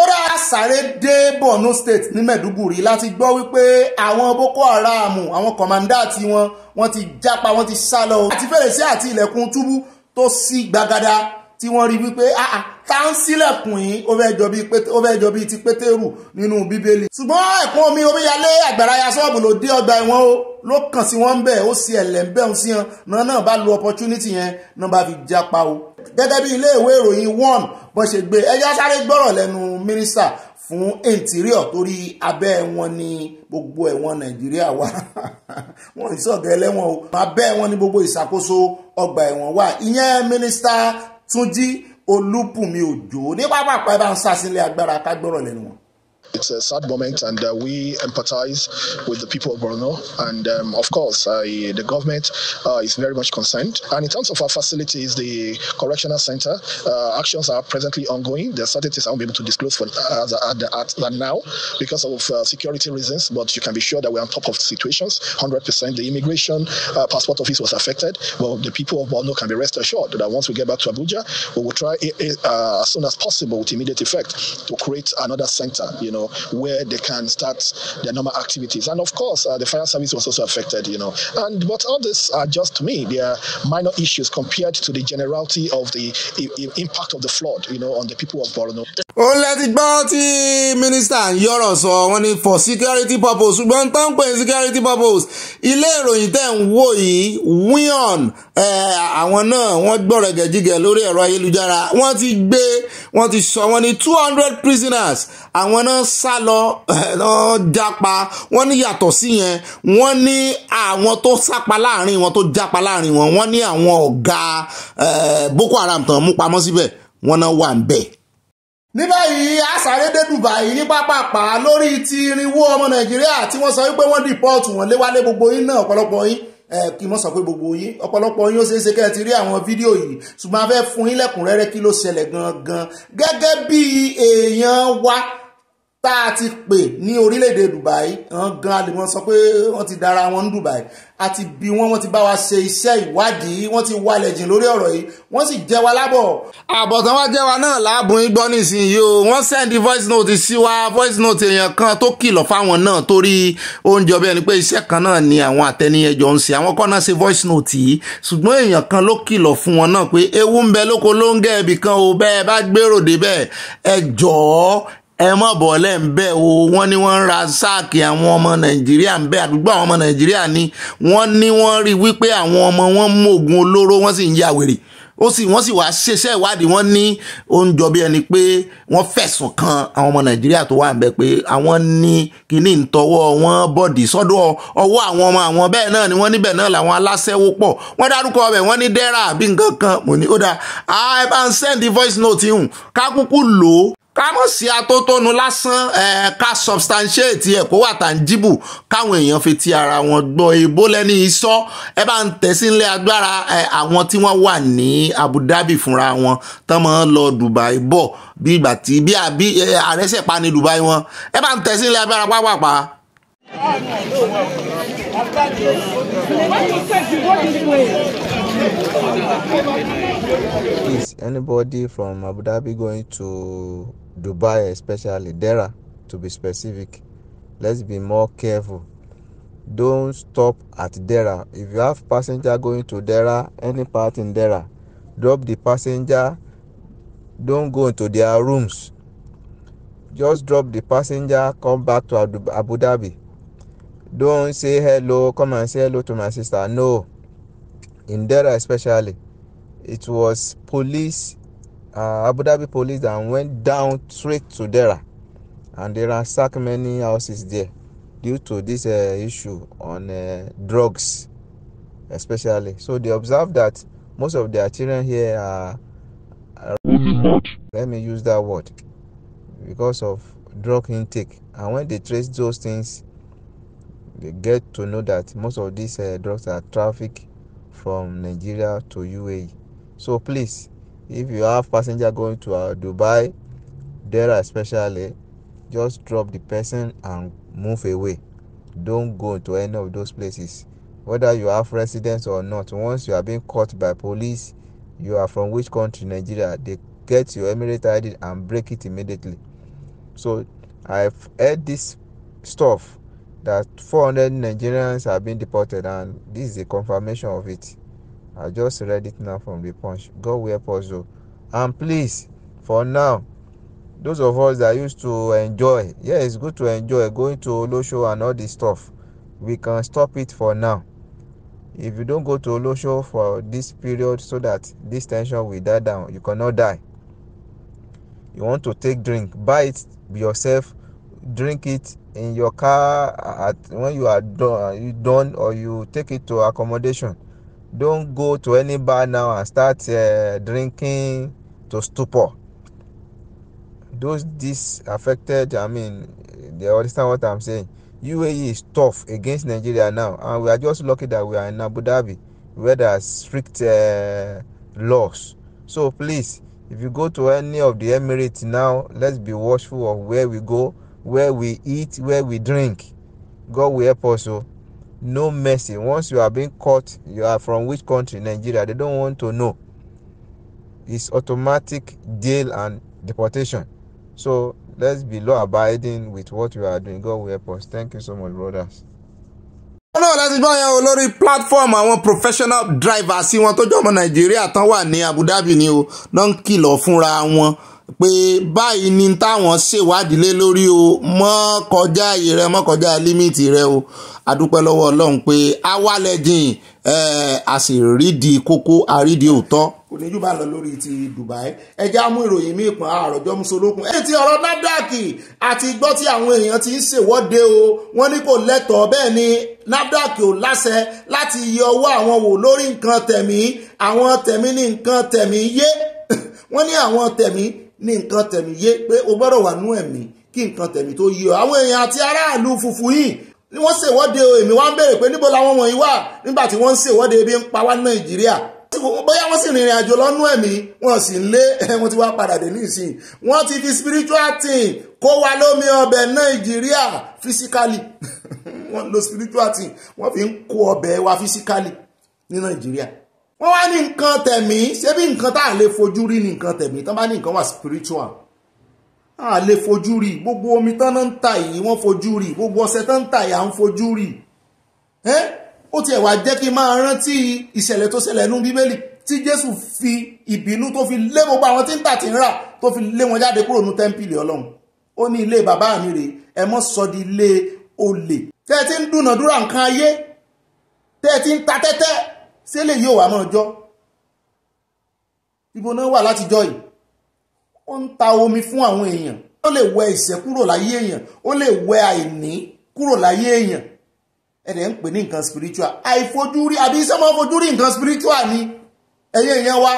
ó rà sáré dé Borno State ní Mẹ̀dúgùrí láti gbọ́ wípé àwọn Boko Haram àwọn kọ̀mándà tí wọ́n wọ́n ti jápa wọ́n ti sá lọ àti fèrèsé àti ilẹ̀kùn túbú tó sí gbàgàdà tí wọ́n rí wípé ah, ah, táwọn sílẹ̀kùn yìí ó fẹ́ jọ bíi ti pétérù nínú bíbélì. ṣùgbọ́n ẹ̀kún omi omíyalé àgbàráyà ṣọ́ọ̀bù ló dé ọgbà ẹ̀wọ̀n o ló kàn sí wọn bẹ́ẹ̀ ó sì ẹ̀lẹ̀ ń bẹ̀ ń sí wọn náà náà bá lo opportunity yẹn náà bá fi jápa o. gẹ́gẹ́ bí ilé ìwé ìròyìn one bó ṣe gbé ẹjọ́ sáré gbọ́rọ̀ lẹ́nu mínísítà fún interior torí abẹ́ wọn ni gbogbo ẹ̀wọ̀n nàìjíríà wà wọ́n ìṣọ̀gá ẹlẹ́wọ̀n o abẹ́ wọn ni gbogbo ìṣàkóso ọgbà ẹ̀wọ̀n wà ìyẹn mínísítà Túnjí Olúbùnmi Òjó ní pápá àpá ẹ bá ń sásílẹ̀ agbára ká lẹ́nu wọn. It's a sad moment, and uh, we empathize with the people of Borno. And um, of course, uh, the government uh, is very much concerned. And in terms of our facilities, the correctional center uh, actions are presently ongoing. There are certain things I won't be able to disclose for as, as, as, now because of uh, security reasons, but you can be sure that we're on top of situations 100%. The immigration passport office was affected. Well, the people of Borno can be rest assured that once we get back to Abuja, we will try eh, eh, as soon as possible with immediate effect to create another center, you know know, where they can start their normal activities. And of course, uh, the fire service was also affected, you know. And but all this are just to me, they are minor issues compared to the generality of the I- impact of the flood, you know, on the people of Borno. Oh, let it tí Minister. ń yọ̀rọ̀ sọ wọ́n ní for security purpose We tó ń pè security purpose ilé ìròyìn wo yi wò yìí wion àwọn náà wọ́n gbọ́rọ̀ gẹ̀jígẹ̀ lórí ẹ̀rọ ayélujára wọ́n ti gbé wọ́n ti sọ wọ́n ní two hundred prisoners àwọn náà sá lọ náà jápa wọ́n ní yàtọ̀ sí yẹn wọ́n ní àwọn tó sápa láàrin wọn tó jápa láàrin wọn wọ́n ní àwọn ọ̀gá eh, Boko Haram tán mú pamọ́ síbẹ̀ wọ́n náà wà ń bẹ̀ ní báyìí àṣàrédé Dubai ní pápápá lórí ti irinwó ọmọ Nàìjíríà tí wọ́n sọ wípé wọ́n dìpọ́ọ̀tù wọn léwálé gbogbo yín náà ọ̀pọ̀lọpọ̀ yín kí mo sọ pé gbogbo yín ọ̀pọ̀lọpọ̀ yín ó ṣeé ṣe kẹ́ ẹ ti rí àwọn fídíò yìí ṣùgbọ́n a fẹ́ fún yín lẹ́kùnrẹ́rẹ́ kí ló ṣẹlẹ̀ gangan gẹ́gẹ́ bí èèyàn wa tá a ti pè ní orílẹ̀-èdè Dubai àwọn gan alèmọ́ sọ pé wọ́n ti dára wọn ní Dubai àti bí wọ́n wọ́n ti bá wa ṣe iṣẹ́ ìwádìí wọ́n ti walẹ̀ jìn lórí ọ̀rọ̀ yìí wọ́n sì jẹ́ wa lábọ̀. àbọ̀tán wá jẹ́ wa náà láàbùn igbó nísìnyí o wọ́n sẹ́ndí voice note sí wa voice note èèyàn kan tó kìlọ̀ fáwọn náà torí oúnjẹ ọbẹ̀ ni pé iṣẹ́ kan náà ni àwọn àtẹniyẹn ń ṣe àwọn kan náà ṣe voice note yìí ṣùgbọ́n èèyàn kan ló kìlọ̀ fún wọn náà pé ewu ń bẹ lóko lóńgẹ́ kan o bẹ́ẹ̀ bá gbèrò débẹ̀ ẹ jọ̀ọ́ ẹ mọ̀ bọ̀ lẹ́ ń bẹ́ o wọ́n ní wọ́n ń ra sáàkì àwọn ọmọ nàìjíríà ń bẹ́ àdúgbò àwọn ọmọ nàìjíríà ni wọ́n ní wọ́n rí wípé àwọn ọmọ wọn mú oògùn olóró wọ́n sì ń ya wèrè ó sì wọ́n sì wáá ṣiṣẹ́ ìwádìí wọ́n ní oúnjọ bí ẹni pé wọ́n fẹ̀sùn kan àwọn ọmọ nàìjíríà tó wà ń bẹ pé àwọn ní kíní ìtọ́wọ́ wọn bọ̀dì sọ́dọ̀ ọwọ́ àwọn ọmọ àwọn bẹ́ẹ̀ náà ni wọ́n níbẹ̀ náà làwọn aláṣẹ́wó pọ̀ wọ́n dárúkọ ọbẹ̀ wọ́n ní dẹ́rà àbí nǹkan kan mò ní ó dáa ẹ bá ń the voice note hùn kákúkú lò ó ká mọ̀ sí atótónu lásán ká substantiate ẹ̀ kó wà tá à ń jíbù káwọn èèyàn fi ti ara wọn gbọ́ èbó lẹ́ni iṣọ́ ẹ bá ń tẹ̀sí ńlẹ̀ agbára àwọn tí wọ́n wà ní Abu Dhabi fúnra wọn tán mọ́ lọ Dubai bọ̀ bí ìgbà tí bí àbí àrẹ́sẹ̀pá ní Dubai wọn ẹ bá ń tẹ̀sí ńlẹ̀ agbára pápápá. Thank you case anybody from Abu Dhabi going to Dubai, especially Dera, to be specific, let's be more careful. Don't stop at Dera. If you have passenger going to Dera, any part in Dera, drop the passenger. Don't go into their rooms. Just drop the passenger, come back to Abu Dhabi. Don't say hello, come and say hello to my sister. No. In Dera, especially. it was police, uh, Abu Dhabi police, that went down straight to Dera, and there are ransacked many houses there due to this uh, issue on uh, drugs, especially. So they observed that most of their children here are, are let me use that word, because of drug intake. And when they trace those things, they get to know that most of these uh, drugs are trafficked from Nigeria to UAE. So please, if you have passenger going to uh, Dubai, there especially, just drop the person and move away. Don't go to any of those places. Whether you have residence or not, once you are being caught by police, you are from which country, Nigeria, they get your Emirate ID and break it immediately. So I've heard this stuff that 400 Nigerians have been deported, and this is a confirmation of it. I just read it now from the punch. God will help us though. And please, for now, those of us that used to enjoy, yeah, it's good to enjoy going to Olosho and all this stuff. We can stop it for now. If you don't go to Olosho for this period so that this tension will die down, you cannot die. You want to take drink, buy it yourself, drink it in your car at when you are done, you done or you take it to accommodation don't go to any bar now and start uh, drinking to stupor those this affected i mean they understand what i'm saying uae is tough against nigeria now and we are just lucky that we are in abu dhabi where there are strict uh, laws so please if you go to any of the emirates now let's be watchful of where we go where we eat where we drink god will help us o. Oh no mercy once you are being caught you are from which country nigeria they don't want to know it's automatic jail and deportation so let's be law abiding with what we are doing god will help us thank you so much brothers. náà láti gbọ́ yẹn o lórí platform àwọn professional drivers sí wọn tó jọ ọmọ nàìjíríà tán wà ní abu dhabi ni o náà ń kìlọ̀ fúnra wọn pé báyìí ni táwọn ṣèwádìí lé lórí o mọ́ kọjá ààyè rẹ mọ́ kọjá límìtì rẹ o adúpẹ́ lọ́wọ́ ọlọ́run pé awálẹ́jìn a sì rídìí kókó àrídìí òótọ́. kò ní júbà lọ lórí ti Dubai ẹja mú ìròyìn míì pọn àròjọ musolókun. èyí ti ọ̀rọ̀ NAFDAC àti gbọ́ tí àwọn èèyàn ti ń ṣèwọ́de o wọ́n ní kò lẹ́tọ̀ọ́ bẹ́ẹ̀ ni NAFDAC ò láṣẹ láti yọ ọwọ́ àwọn wò lórí nǹkan tẹ̀mí àwọn tẹ̀mí ní nǹkan tẹ̀mí yé wọ́n ní àwọn tẹ̀mí ní nǹkan tẹ̀mí yé pé o gbọ́dọ̀ wà nú ẹ̀mí kí nǹkan tẹ̀mí tó yé ọ àwọn èèyàn àti aráàlú funfun yìí ni wọ́n ṣèwọ́de èmi wá ń béèrè pé níbo làwọn wọ̀nyí wà nígbà tí wọ́n ń ṣèwọ́de ebi ń pa wá nàìjíríà bóyá wọ́n sì rìnrìn àjò lọ́nú ẹ̀mí wọ́n sì ń lé wọ́n ti wá padà dé nísìnyí wọ́n ti fi spiritual thing kó wa lómi ọbẹ̀ nàìjíríà physically wọ́n lo spiritual thing wọ́n fi ń kó ọbẹ̀ wa physically ní nàìjíríà wọ́n wá ní nǹkan tẹ̀mí ṣé bí nǹkan tá à lè fojú rí ní nǹkan tẹ̀mí tán bá ní nǹkan wà spiritual à lè fojú rí gbogbo omi tán ń tà yìí wọ́n fojú rí gbogbo ọṣẹ tán ń tà yìí à ń fojú rí ẹ́ ó tiẹ̀ wá jẹ́ kí n máa rántí ìṣẹ̀lẹ̀ tó ṣẹlẹ̀ nú bíbélì tí jésù fi ìbínú tó fi lé gbogbo àwọn tí ń tà tí ń rà tó fi lé wọn jáde kúrò nú tẹ́ḿpìlì ọlọ́run ó ní ilé bàbá mi rè ẹ mọ́ sọ di ilé olè tẹ́ ẹ ń dúnàdúrà nǹkan ayé tẹ́ ẹ ń ta tẹ́tẹ́ ṣé lè yóò wà mọ́ ọjọ́ ibo náà wà látijọ́ yìí ó ń ta omi fún àwọn èèyàn ó lè wẹ ìṣẹ́ kúrò láyé èèyàn ó lè wẹ àìní kúrò láyé èèyàn ẹ̀rẹ̀ ń pè ní nǹkan spiritual àìfojúrí àbí iṣẹ́ máa ń fojú rí nǹkan spiritual ni ẹ̀yẹ ìyẹn wá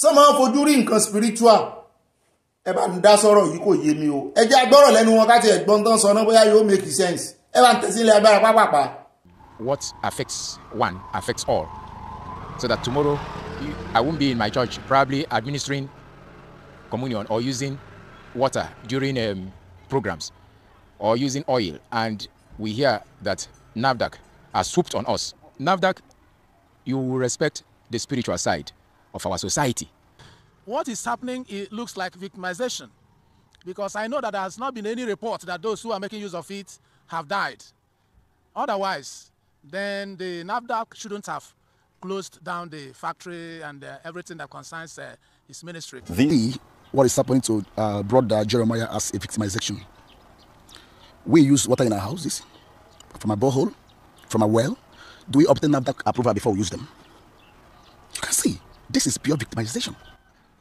sọ máa ń fojú rí nǹkan spiritual ẹ bá ń dá sọ̀rọ̀ yìí kò yé mi o ẹ jẹ́ agbọ́rọ̀ lẹ́nu wọn ká ti ẹ̀gbọ́n tán sọ náà bóyá yóò make sense ẹ bá ń tẹ̀sí ilẹ̀ agbára pápápá. what affects one affects all. So that tomorrow I won't be in my church, probably administering communion or using water during um, programs or using oil. And we hear that NAVDAC has swooped on us. NAVDAC, you respect the spiritual side of our society. What is happening, it looks like victimization because I know that there has not been any report that those who are making use of it have died. Otherwise, then the NAFDAC shouldn't have closed down the factory and uh, everything that concerns uh, his ministry. The, what is happening to uh, brother Jeremiah as a victimization. We use water in our houses, from a borehole, from a well. Do we obtain NAFDAC approval before we use them? You can see, this is pure victimization.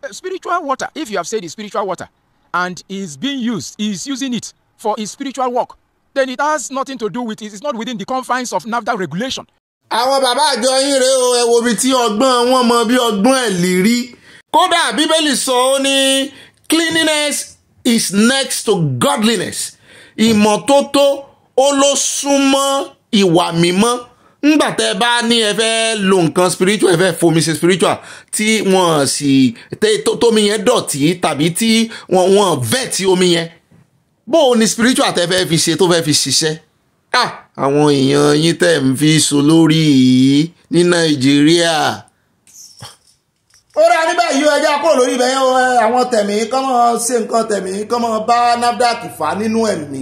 Uh, spiritual water, if you have said it's spiritual water, and is being used, is using it for his spiritual work, then it has nothing to do with it. It's not within the confines of NAFTA regulation. Àwọn bàbá àjọ yín rèé o, ẹ wo ibi ọgbọ́n wọn mọ bí ọgbọ́n ẹ̀ lè rí. Kódà Bíbélì sọ ó ní cleanliness is next to godliness. Ìmọ́tótó ó ló súnmọ́ ìwà mímọ́ ngbà tẹ bá ní ẹ fẹ́ lo nǹkan spiritual ẹ fẹ́ fomi ṣe spiritual tí wọ́n sì tómi yẹn dọ̀tí tàbí tí wọ́n vet omi yẹn bóò ni spiritual tẹ fẹ́ fi ṣe tó fẹ́ fi ṣiṣẹ́ àwọn èèyàn yín tẹ̀ ń fi so lórí yìí ní nàìjíríà. ó rà níbẹ̀ yìí ẹja kúrò lórí ibẹ̀ yẹn àwọn tẹ̀mí kọ́mọ ṣe nǹkan tẹ̀mí kọ́mọ bá NAFDAC fà nínú ẹ̀mí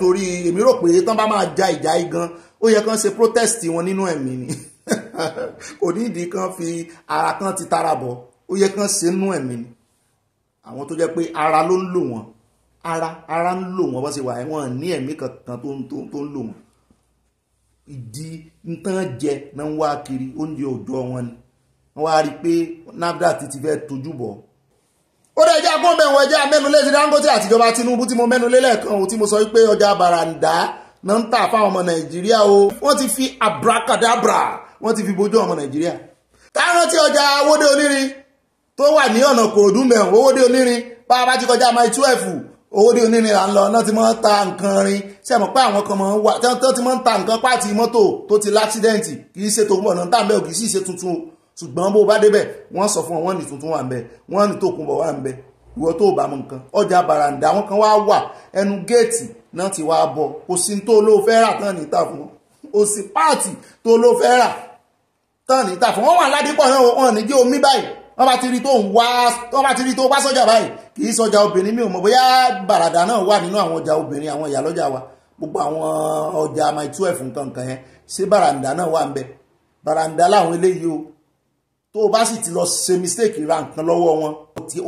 torí èmi rò pé tán bá máa ja ìjà igan ó yẹ kán ṣe protest wọn nínú ẹ̀mí ni kò ní ìdí kan fi ara kan ti tara bọ̀ ó yẹ kán ṣe nínú ẹ̀mí ni àwọn tó jẹ́ pé ara ló ń lò wọ́n ara ara ń lò wọ́n bó ṣe wà wọ́n ní ẹ̀mí kankan tó ń tó ń lò wọ́n ìdí nǹkan jẹ náà ń wá kiri oúnjẹ òòjọ́ wọn ni wọ́n á rí i pé nafdac ti fẹ́ tójú bọ̀ ó dẹ̀ jẹ́ agbóhùnbẹ̀wò ẹ̀jẹ̀ mẹ́nulé ti Dangote àtijọba Tinubu tí mo mẹ́nulé lẹ́ẹ̀kan ò tí mo sọ wípé ọjà bàràǹdà náà ń tà fáwọn ọmọ Nàìjíríà o wọ́n ti fi abracadabra wọ́n ti fi bójú ọmọ Nàìjíríà táwọn tí ọjà owóde onírin tó wà ní ọ̀nà Kòròdú mẹ́rin owóde onírin bá a bá ti kọjá mile twelve owó dé oní ni à ń lọ náà ti máa ń ta nǹkan rin tí a mọ̀ pé àwọn kan máa ń wà tí wọ́n ti máa ń ta nǹkan pàtì mọ́tò tó ti láṣídẹ́ǹtì kì í ṣe tó gbọ̀nà tá à ń kì í sì ṣe tuntun o ṣùgbọ́n bó bá débẹ̀ wọ́n sọ fún ọ wọ́n ní tuntun wà ń bẹ wọ́n ní tòkunbọ̀ wà ń bẹ ìwọ tó bá mọ nǹkan ọjà bàràǹdà àwọn kan wá wà ẹnu géètì náà ti wá bọ kò sí tó ló fẹ́ rà tán níta fún wọn kò sí páàtì tó ló fẹ́ rà tán níta fún wọn wà ládìpọ̀ náà wọn ní jẹ́ omi báyìí wọ́n bá ti rí tó ń wá wọ́n bá ti rí tó bá sọ́jà báyìí kì í sọ́jà obìnrin mi ò mọ̀ bóyá bàràdà náà wà nínú àwọn ọjà obìnrin àwọn ìyá lọ́jà wa gbogbo àwọn ọjà my twelve nǹkan kan yẹn ṣé bàràǹdà náà wà ń bẹ bàràǹdà láwọn eléyìí o tó o bá sì ti lọ ṣe mistake ra nǹkan lọ́wọ́ wọn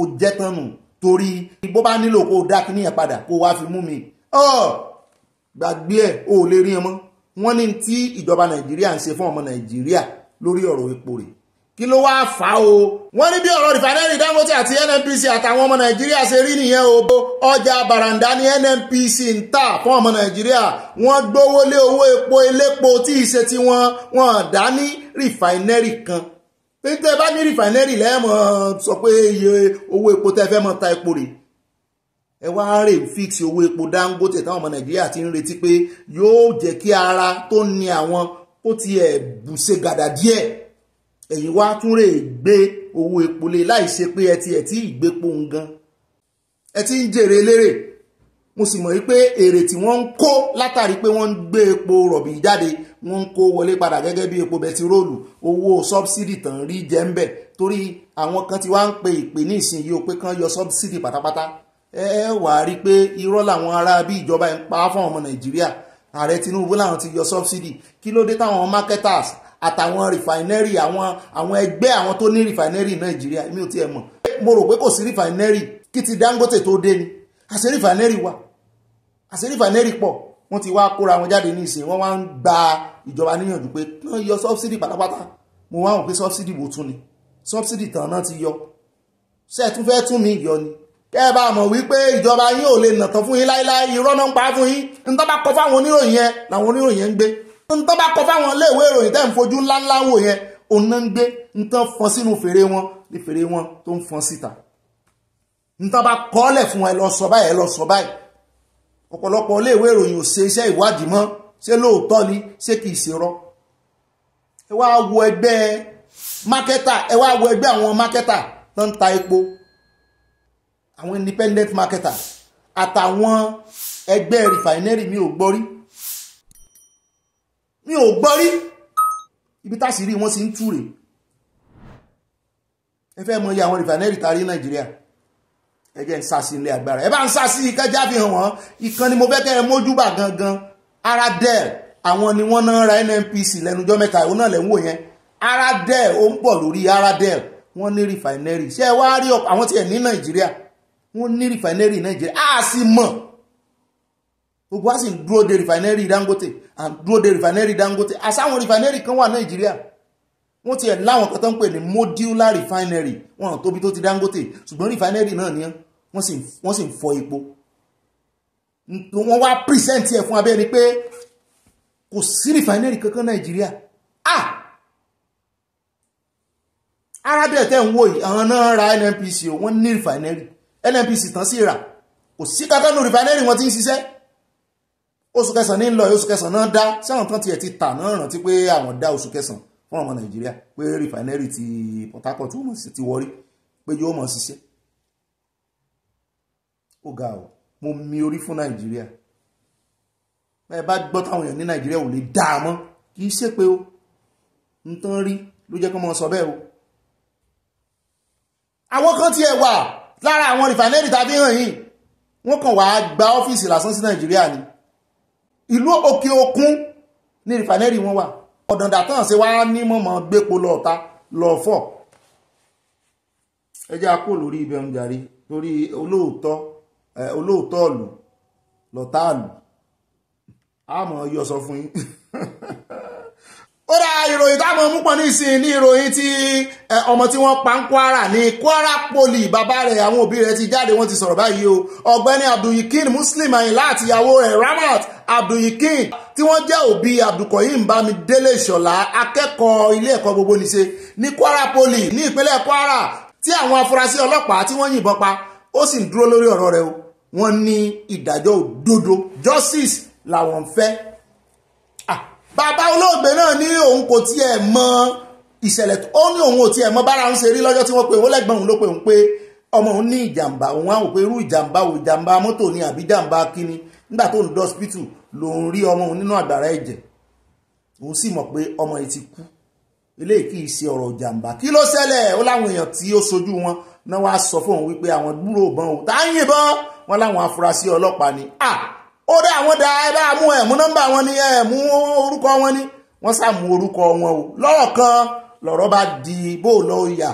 o jẹ́ tán nù torí bó bá nílò kó o dá kíní yẹn padà kó o wá fi mú mi ọ gbàgbé ẹ o ò lè rí ẹ mọ́ wọ́n ní tí ìjọba nàìjíríà ń ṣe fún ọmọ nàìjíríà lórí ọ̀rọ̀ epo rẹ̀ kí ló wáá fà á o. wọ́n ní bí ọ̀rọ̀ rìfánẹ́rì Dangote àti NNPC àtàwọn ọmọ nàìjíríà ṣe rí nìyẹn o. ọjà bàràǹdà ní NNPC ń tà fún ọmọ nàìjíríà wọ́n gbówó lé owó epo elépo tí ìṣe tí wọ́n wọ́n dá ní rìfánẹ́rì kan. pété bá ní rìfánẹ́rì lẹ́ẹ̀mọ̀ sọ pé iye owó epo tẹ́ fẹ́ mọ̀ ta epo rẹ̀ ẹ wá rè fix owó epo Dangote táwọn ọmọ nàìjíríà ti ń retí pé yóò jẹ́ kí ara tó ní àwọn kó tiẹ̀ bùṣe gàdà díẹ̀ ẹ̀yin wá tún rè gbé owó epo lé láì ṣe pé ẹ ti ẹ̀ tí ìgbépo ń gan ẹ ti ń jèrè elérè mo sì mọ̀ wípé èrè tí wọ́n ń kó látàrí pé wọ́n ń gbé epo rọ̀bì jáde wọ́n ń kó wọlé padà gẹ́gẹ́ bí epo bẹtiróòlù owó sọ́bsìdì tàn rí jẹ́ ń bẹ̀ torí àwọn kan ti wá ń pe ìpè ní ìsinyìí o pé kán yọ sọ́bsìdì pátápátá ẹ wà á rí i pé irọ́ làwọn ará bí ìjọba ń pa fún ọmọ nàìjíríà ààrẹ tinubu làwọn ti yọ sọ́bsìdì kí ló dé táwọn marketers àtàwọn rìfàìnẹ́rì àwọn àwọn ẹgbẹ́ àwọn tó ní rìfàìnẹ́rì nàìjíríà mi ò tiẹ̀ mọ̀ mo rò pé kò sí rìfàìnẹ́rì kí ti dangote tó dé ni àṣẹ rìfàìnẹ́rì wà àṣẹ rìfàìnẹ́rì pọ̀ wọ́n ti wá kóra wọn jáde ní ìsìn wọ́n wá ń gba ìjọba níyànjú pé náà yọ sọ́bsidì pátápátá mo wá hàn pé sọ́bsidì wo tún ni sọ́bsidì tán náà ti yọ ṣe tún fẹ́ tún mi yọ ni kẹ́ ẹ bá mọ̀ wípé ìjọba yín ò lè nàtàn fún yín láéláé irọ́ náà ń pa fún yín ń tọ́ bá kọ fáwọn oníròyìn yẹn làwọn oníròyìn yẹn ń gbé ń tọ́ bá kọ fáwọn iléèwé ìròyìn tẹ́ ń fojú ńláńlá wò yẹn òun náà ń gbé ń tán fọn sínú fèrè wọn ní fèrè wọn tó ń fọn síta ń tán bá kọ́ọ̀lẹ̀ fún ẹ lọ sọ báyìí ẹ lọ sọ báyìí ọ̀pọ̀lọpọ̀ iléèwé ìròyìn ò ṣe iṣẹ́ ìwádìí mọ́ ṣé lóòótọ́ ni ṣé kì í ṣe rọ́ ẹ wá wo ẹgbẹ́ mákẹ́tà ẹ wá wo ẹgbẹ́ àwọn mákẹ́tà tó ń ta epo àwọn independent marketers àtàwọn ẹgbẹ́ rìfàìnẹ́rì mi ò gbọ́ mi ò gbọ́ rí ibi tá sì rí wọ́n sì ń túre ẹ fẹ́ mọ iye àwọn rìfànẹ́rì tá rí nàìjíríà ẹ jẹ́ ń sá sí ilé agbára ẹ bá ń sá sí ìkẹjá fi hàn wọ́n ìkan ni mo fẹ́ kẹ́ ẹ mójúbà gangan ara dẹ̀ àwọn ni wọ́n náà ra NNPC lẹ́nujọ́ mẹ́ta ìwọ náà lẹ́ ń wò yẹn ara dẹ̀ ó ń bọ̀ lórí ara dẹ̀ wọ́n ní rìfànẹ́rì ṣé ẹ wá rí àwọn tiẹ̀ ní nàìjíríà wọ́n ní rìfànẹ́rì nàìjíríà á sì mọ̀ gbogbo wa sì dúró de rìfàìnẹ́rì dangote and ń dúró de rìfàìnẹ́rì dangote àsáwọn rìfàìnẹ́rì kan wà nàìjíríà wọ́n ti ẹ̀ láwọn kan tó pè ní modular refinery wọn ò tóbi tó ti dangote ṣùgbọ́n refinery náà ni wọ́n sì ń fọ epo wọ́n wá present ẹ̀ fún abẹ́ni pé kò sí refinery kankan nàìjíríà ah arábẹ̀ tẹ́ ń wò yìí àwọn náà ra nnpc wọ́n ní refinery nnpc tán sí rà kò sí kankan ní refinery wọ́n ti ń ṣiṣẹ́ oṣù kẹsàn-án ní lọ oṣù kẹsàn-án náà dá sí àwọn kan tiẹ̀ ti tà náà rántí pé àwọn dá oṣù kẹsàn-án fún ọmọ nàìjíríà pé rìfàìnẹ́rì ti Port Harcourt ó mọ̀ sí ti wọrí pé yóò mọ̀ ṣiṣẹ́ ó ga ọ mo mi orí fún nàìjíríà bẹ́ẹ̀ bá gbọ́ táwọn èèyàn ní nàìjíríà ò lè dá a mọ́ kì í ṣe pé o n tán rí ló jẹ́ kó mọ sọ bẹ́ẹ̀ o àwọn kan tiẹ̀ wà lára àwọn rìfàìnẹ́rì tàbí hàn yìí wọ́n kàn wá gba ọ́fíìsì lásán sí nàìjíríà ni ìlú òkè òkun ní rìfànẹ́rì wọn wà ọ̀dàndà tán ṣe wá ní mọ̀mọ́ gbépo lọ́ọ̀ta lọ́ọ̀fọ̀ ẹ jẹ́ àpò lórí ibẹ̀ ń jàre lórí olóòótọ́ olóòótọ́ ọ̀lù lọ́tà àlù àmọ́ yọ sọ fún yín ó dá ìròyìn táwọn ọmọ pọ̀ ní ìsìn ní ìròyìn tí ọmọ tí wọ́n pa ń Kwara ní Kwara Poli bàbá rẹ̀ àwọn òbí rẹ̀ ti jáde wọ́n ti sọ̀rọ̀ báyìí o ọ̀gbẹ́ni Abdulyikin Muslim Ayinla àti rẹ̀ Ramat Abdulyikin tí wọ́n jẹ́ òbí Abdulkoyim Bámidélé Ṣọ̀lá akẹ́kọ̀ọ́ ilé ẹ̀kọ́ gbogbo nìṣe ní Kwara Poli ní ìpínlẹ̀ Kwara tí àwọn afurasí ọlọ́pàá tí wọ́n yìnbọn pa ó sì ń dúró lórí ọ̀rọ̀ rẹ̀ o wọ́n ní ìdájọ́ òdodo justice làwọn fẹ́ bàbá olóògbé náà ní òun kò tiẹ̀ mọ ìṣẹ̀lẹ̀ ó ní òun ò tiẹ̀ mọ bára ń ṣe rí lọ́jọ́ tí wọ́n pe òun lẹ́gbọ̀n òun ló pe òun pé ọmọ òun ní ìjàmbá òun á wò pé irú ìjàmbá wo ìjàmbá mọ́tò ni àbí ìjàmbá kíní nígbà tó ń dọ́sípítù lòun rí ọmọ òun nínú àgbàrá ẹ̀jẹ̀ òun sì mọ̀ pé ọmọ yìí ti kú eléyìí kì í ṣe ọ̀rọ̀ ìjàmbá kí ló ṣẹlẹ̀ ó láwọn èèyàn tí ó sojú wọn náà wá sọ fóun wípé àwọn gbúròbọn ò tá ń wọn láwọn afurasí ọlọ́pàá ni ah ó dá àwọn dáadáa mú ẹ̀mú nọ́mbà wọn ni ẹ̀mú orúkọ wọn ni wọ́n sàmú orúkọ wọn o lọ́rọ̀ kan bá di bóòlọ ìyà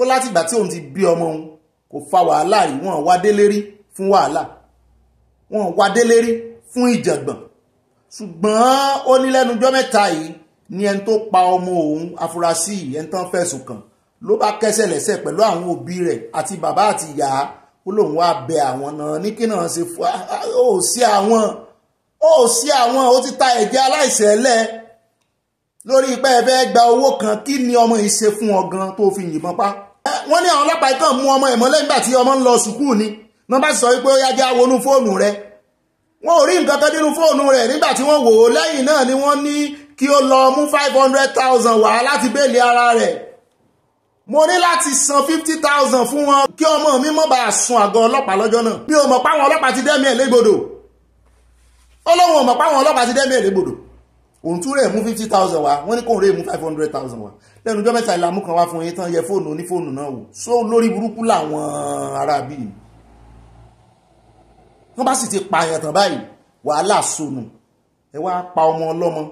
ó láti ìgbà tí òun ti bí ọmọ òun kò fa wàhálà rí wọn wá délérí fún wàhálà wọn wá délérí fún ìjàngbọ̀n ṣùgbọ́n ó ní lẹ́nu ọjọ́ mẹ́ta yìí ni ẹni tó pa ọmọ òun afurasí ẹni tán fẹ̀sùn kàn ló bá kẹ́sẹ̀ lẹ́sẹ̀ pẹ̀lú àwọn òbí rẹ̀ àti bàbá àti ìyá ó lóun wá bẹ àwọn náà ní kí náà ṣe fún ó sí àwọn ó sí àwọn ó ti ta ẹ̀jẹ̀ aláìṣẹ̀ lẹ̀ lórí ipá ẹ̀fẹ́ gba owó kan kí ni ọmọ yìí ṣe fún ọ gan tó fi yìnbọn pa. wọ́n ní àwọn ọlọ́pàá kan mú ọmọ ìmọ́lẹ̀ nígbà tí ọmọ ń lọ sùkúù ni wọ́n bá sọ wípé ó yájá wọnú fóònù rẹ̀ wọn ò rí nǹkan kan nínú fóònù rẹ̀ nígbà tí wọ́n wò ó lẹ́yìn náà ni wọ́n ní kí ó lọ mú five hundred thousand wá láti béèlì ara rẹ̀ mo ní láti san fifty thousand fún wọn kí ọmọ mi mọ́ bá sun àgọ́ ọlọ́pàá lọ́jọ́ náà mi ò mọ̀ páwọn ọlọ́pàá ti dẹ́mi ẹ̀ légbodò ó lóun ò mọ̀ páwọn ọlọ́pàá ti dẹ́mi ẹ̀ légbodò òun tún rẹ̀ mú fifty thousand wá wọ́n ní kóun rẹ̀ mú five hundred thousand wá lẹ́nu ọjọ́ mẹ́ta ìlàmú kan wá fún yín tán yẹ fóònù onífóònù náà wò so lórí burúkú làwọn ará bí i wọ́n bá sì ti pààyàn tán báyìí wàhálà sọnù ẹ wá pa ọmọ ọlọ́mọ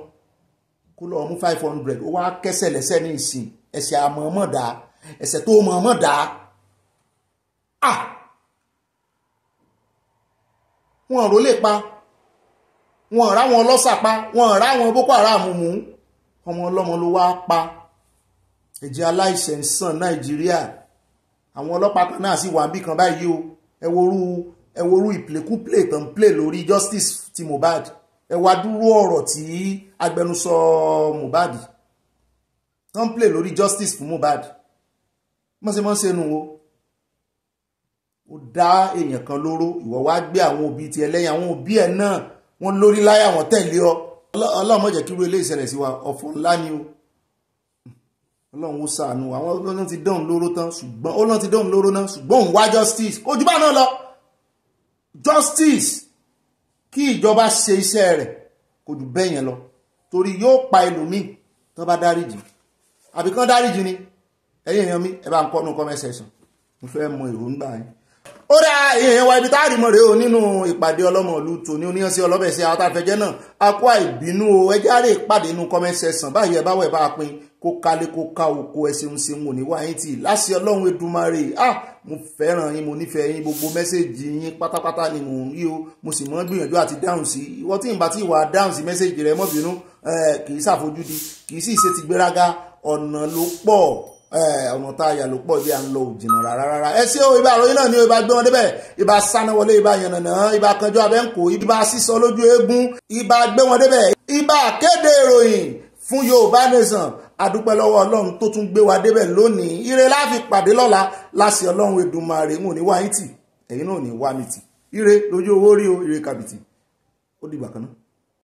kó lọ́ọ́ mú five hundred ó wá kẹ́sẹ̀ lẹ́sẹ̀ ní ìsìn ẹ̀sẹ̀ àmọ́ mọ̀ dáa ẹ̀ṣẹ̀ tó mọ̀ mọ̀ dá à ah! wọn rò lè pa wọn rà wọn lọ́sà pa wọn rà wọn boko haram mú ọmọ ọlọ́mọ ló wá pa ẹ̀jẹ̀ aláìṣẹ̀ ń sàn nàìjíríà àwọn ọlọ́pàá kan náà sì wà bí kan báyìí o ẹ worú ẹ worú ìpìlẹ̀kúpìlẹ̀ tó ń play lórí justice ti Mohbad ẹ wá dúró ọ̀rọ̀ tí agbẹnusọ Mohbad tó ń play lórí justice fún Mohbad mọ́ sí mọ́ sẹ́nu o ó dá èèyàn kan lóró ìwọ wá gbé àwọn òbí ti ẹlẹ́yìn àwọn òbí ẹ̀ náà wọ́n lórí láyà wọ́n tẹ̀lé ọ ọlọ́run má jẹ́ kí irú eléyìí ṣẹlẹ̀ sí wa ọ̀fọ̀ ńlá ni o ọlọ́run ó ṣàánú àwọn ọlọ́run ti dán lóró tán ṣùgbọ́n ọlọ́run ti dán lóró náà ṣùgbọ́n òun wá justice kó jù bá náà lọ justice kí ìjọba ṣe iṣẹ́ rẹ̀ kò jù bẹ́ẹ̀ yẹn lọ torí yóò pa ẹlòmíì tó bá dáríjì àbí dáríjì ni ẹ̀yin èèyàn mi ẹ bá ń kọ́ nù comment section mo fẹ́ mọ ìrònúgbà yín ó dá èèyàn wa ibi tá a rí mọ̀ rèé o nínú ìpàdé ọlọ́mọ ìlú tò ní oníyanṣẹ́ ọlọ́bẹ̀ sí àtàfẹ́jẹ́ náà a kó àìbínú o ẹ járe ìpàdé inú comment section báyìí ẹ báwọ̀ ẹ bá pin kó kálé kó ká oko ẹ ṣeun ṣeun ò ní wá yín tì láṣẹ ọlọ́run Èdùmàrè ah mo fẹ́ràn yín mo nífẹ̀ẹ́ yín gbogbo mẹ́sẹ̀gì yín pátápátá ni mò ń rí o mo sì mọ́ gbìyànjú àti dáhùn sí ìwọ tí ìgbà tí ìwà dáhùn sí mẹ́sẹ̀gì rẹ mọ́ bínú kì í ṣàfojúdi kì í sì ṣe ti gbéraga ọ̀nà ló pọ̀ Eh, ọ̀nà tá a yà ló pọ̀ bí a ń lọ òjìnà rárá rárá ẹ ṣé o ibà àròyìn náà ni o ibà gbé wọn débẹ̀ ibà sáná wọlé ibà yànnànà ibà kanjú abẹ́ǹkó ibà sísọ lójú eégún ibà gbé wọn débẹ̀ ibà kéde ìròyìn fún Yorùbá Nation adúpẹ́ lọ́wọ́ Ọlọ́run tó tún gbé wa débẹ̀ lónìí ire la fi pàdé lọ́la láṣẹ Ọlọ́run Èdùmàrè mò ní wáyìntì ẹ̀yin náà ní wá mi tì ire lójú owó rí o ire kàbìtì ó dìgbà kan náà.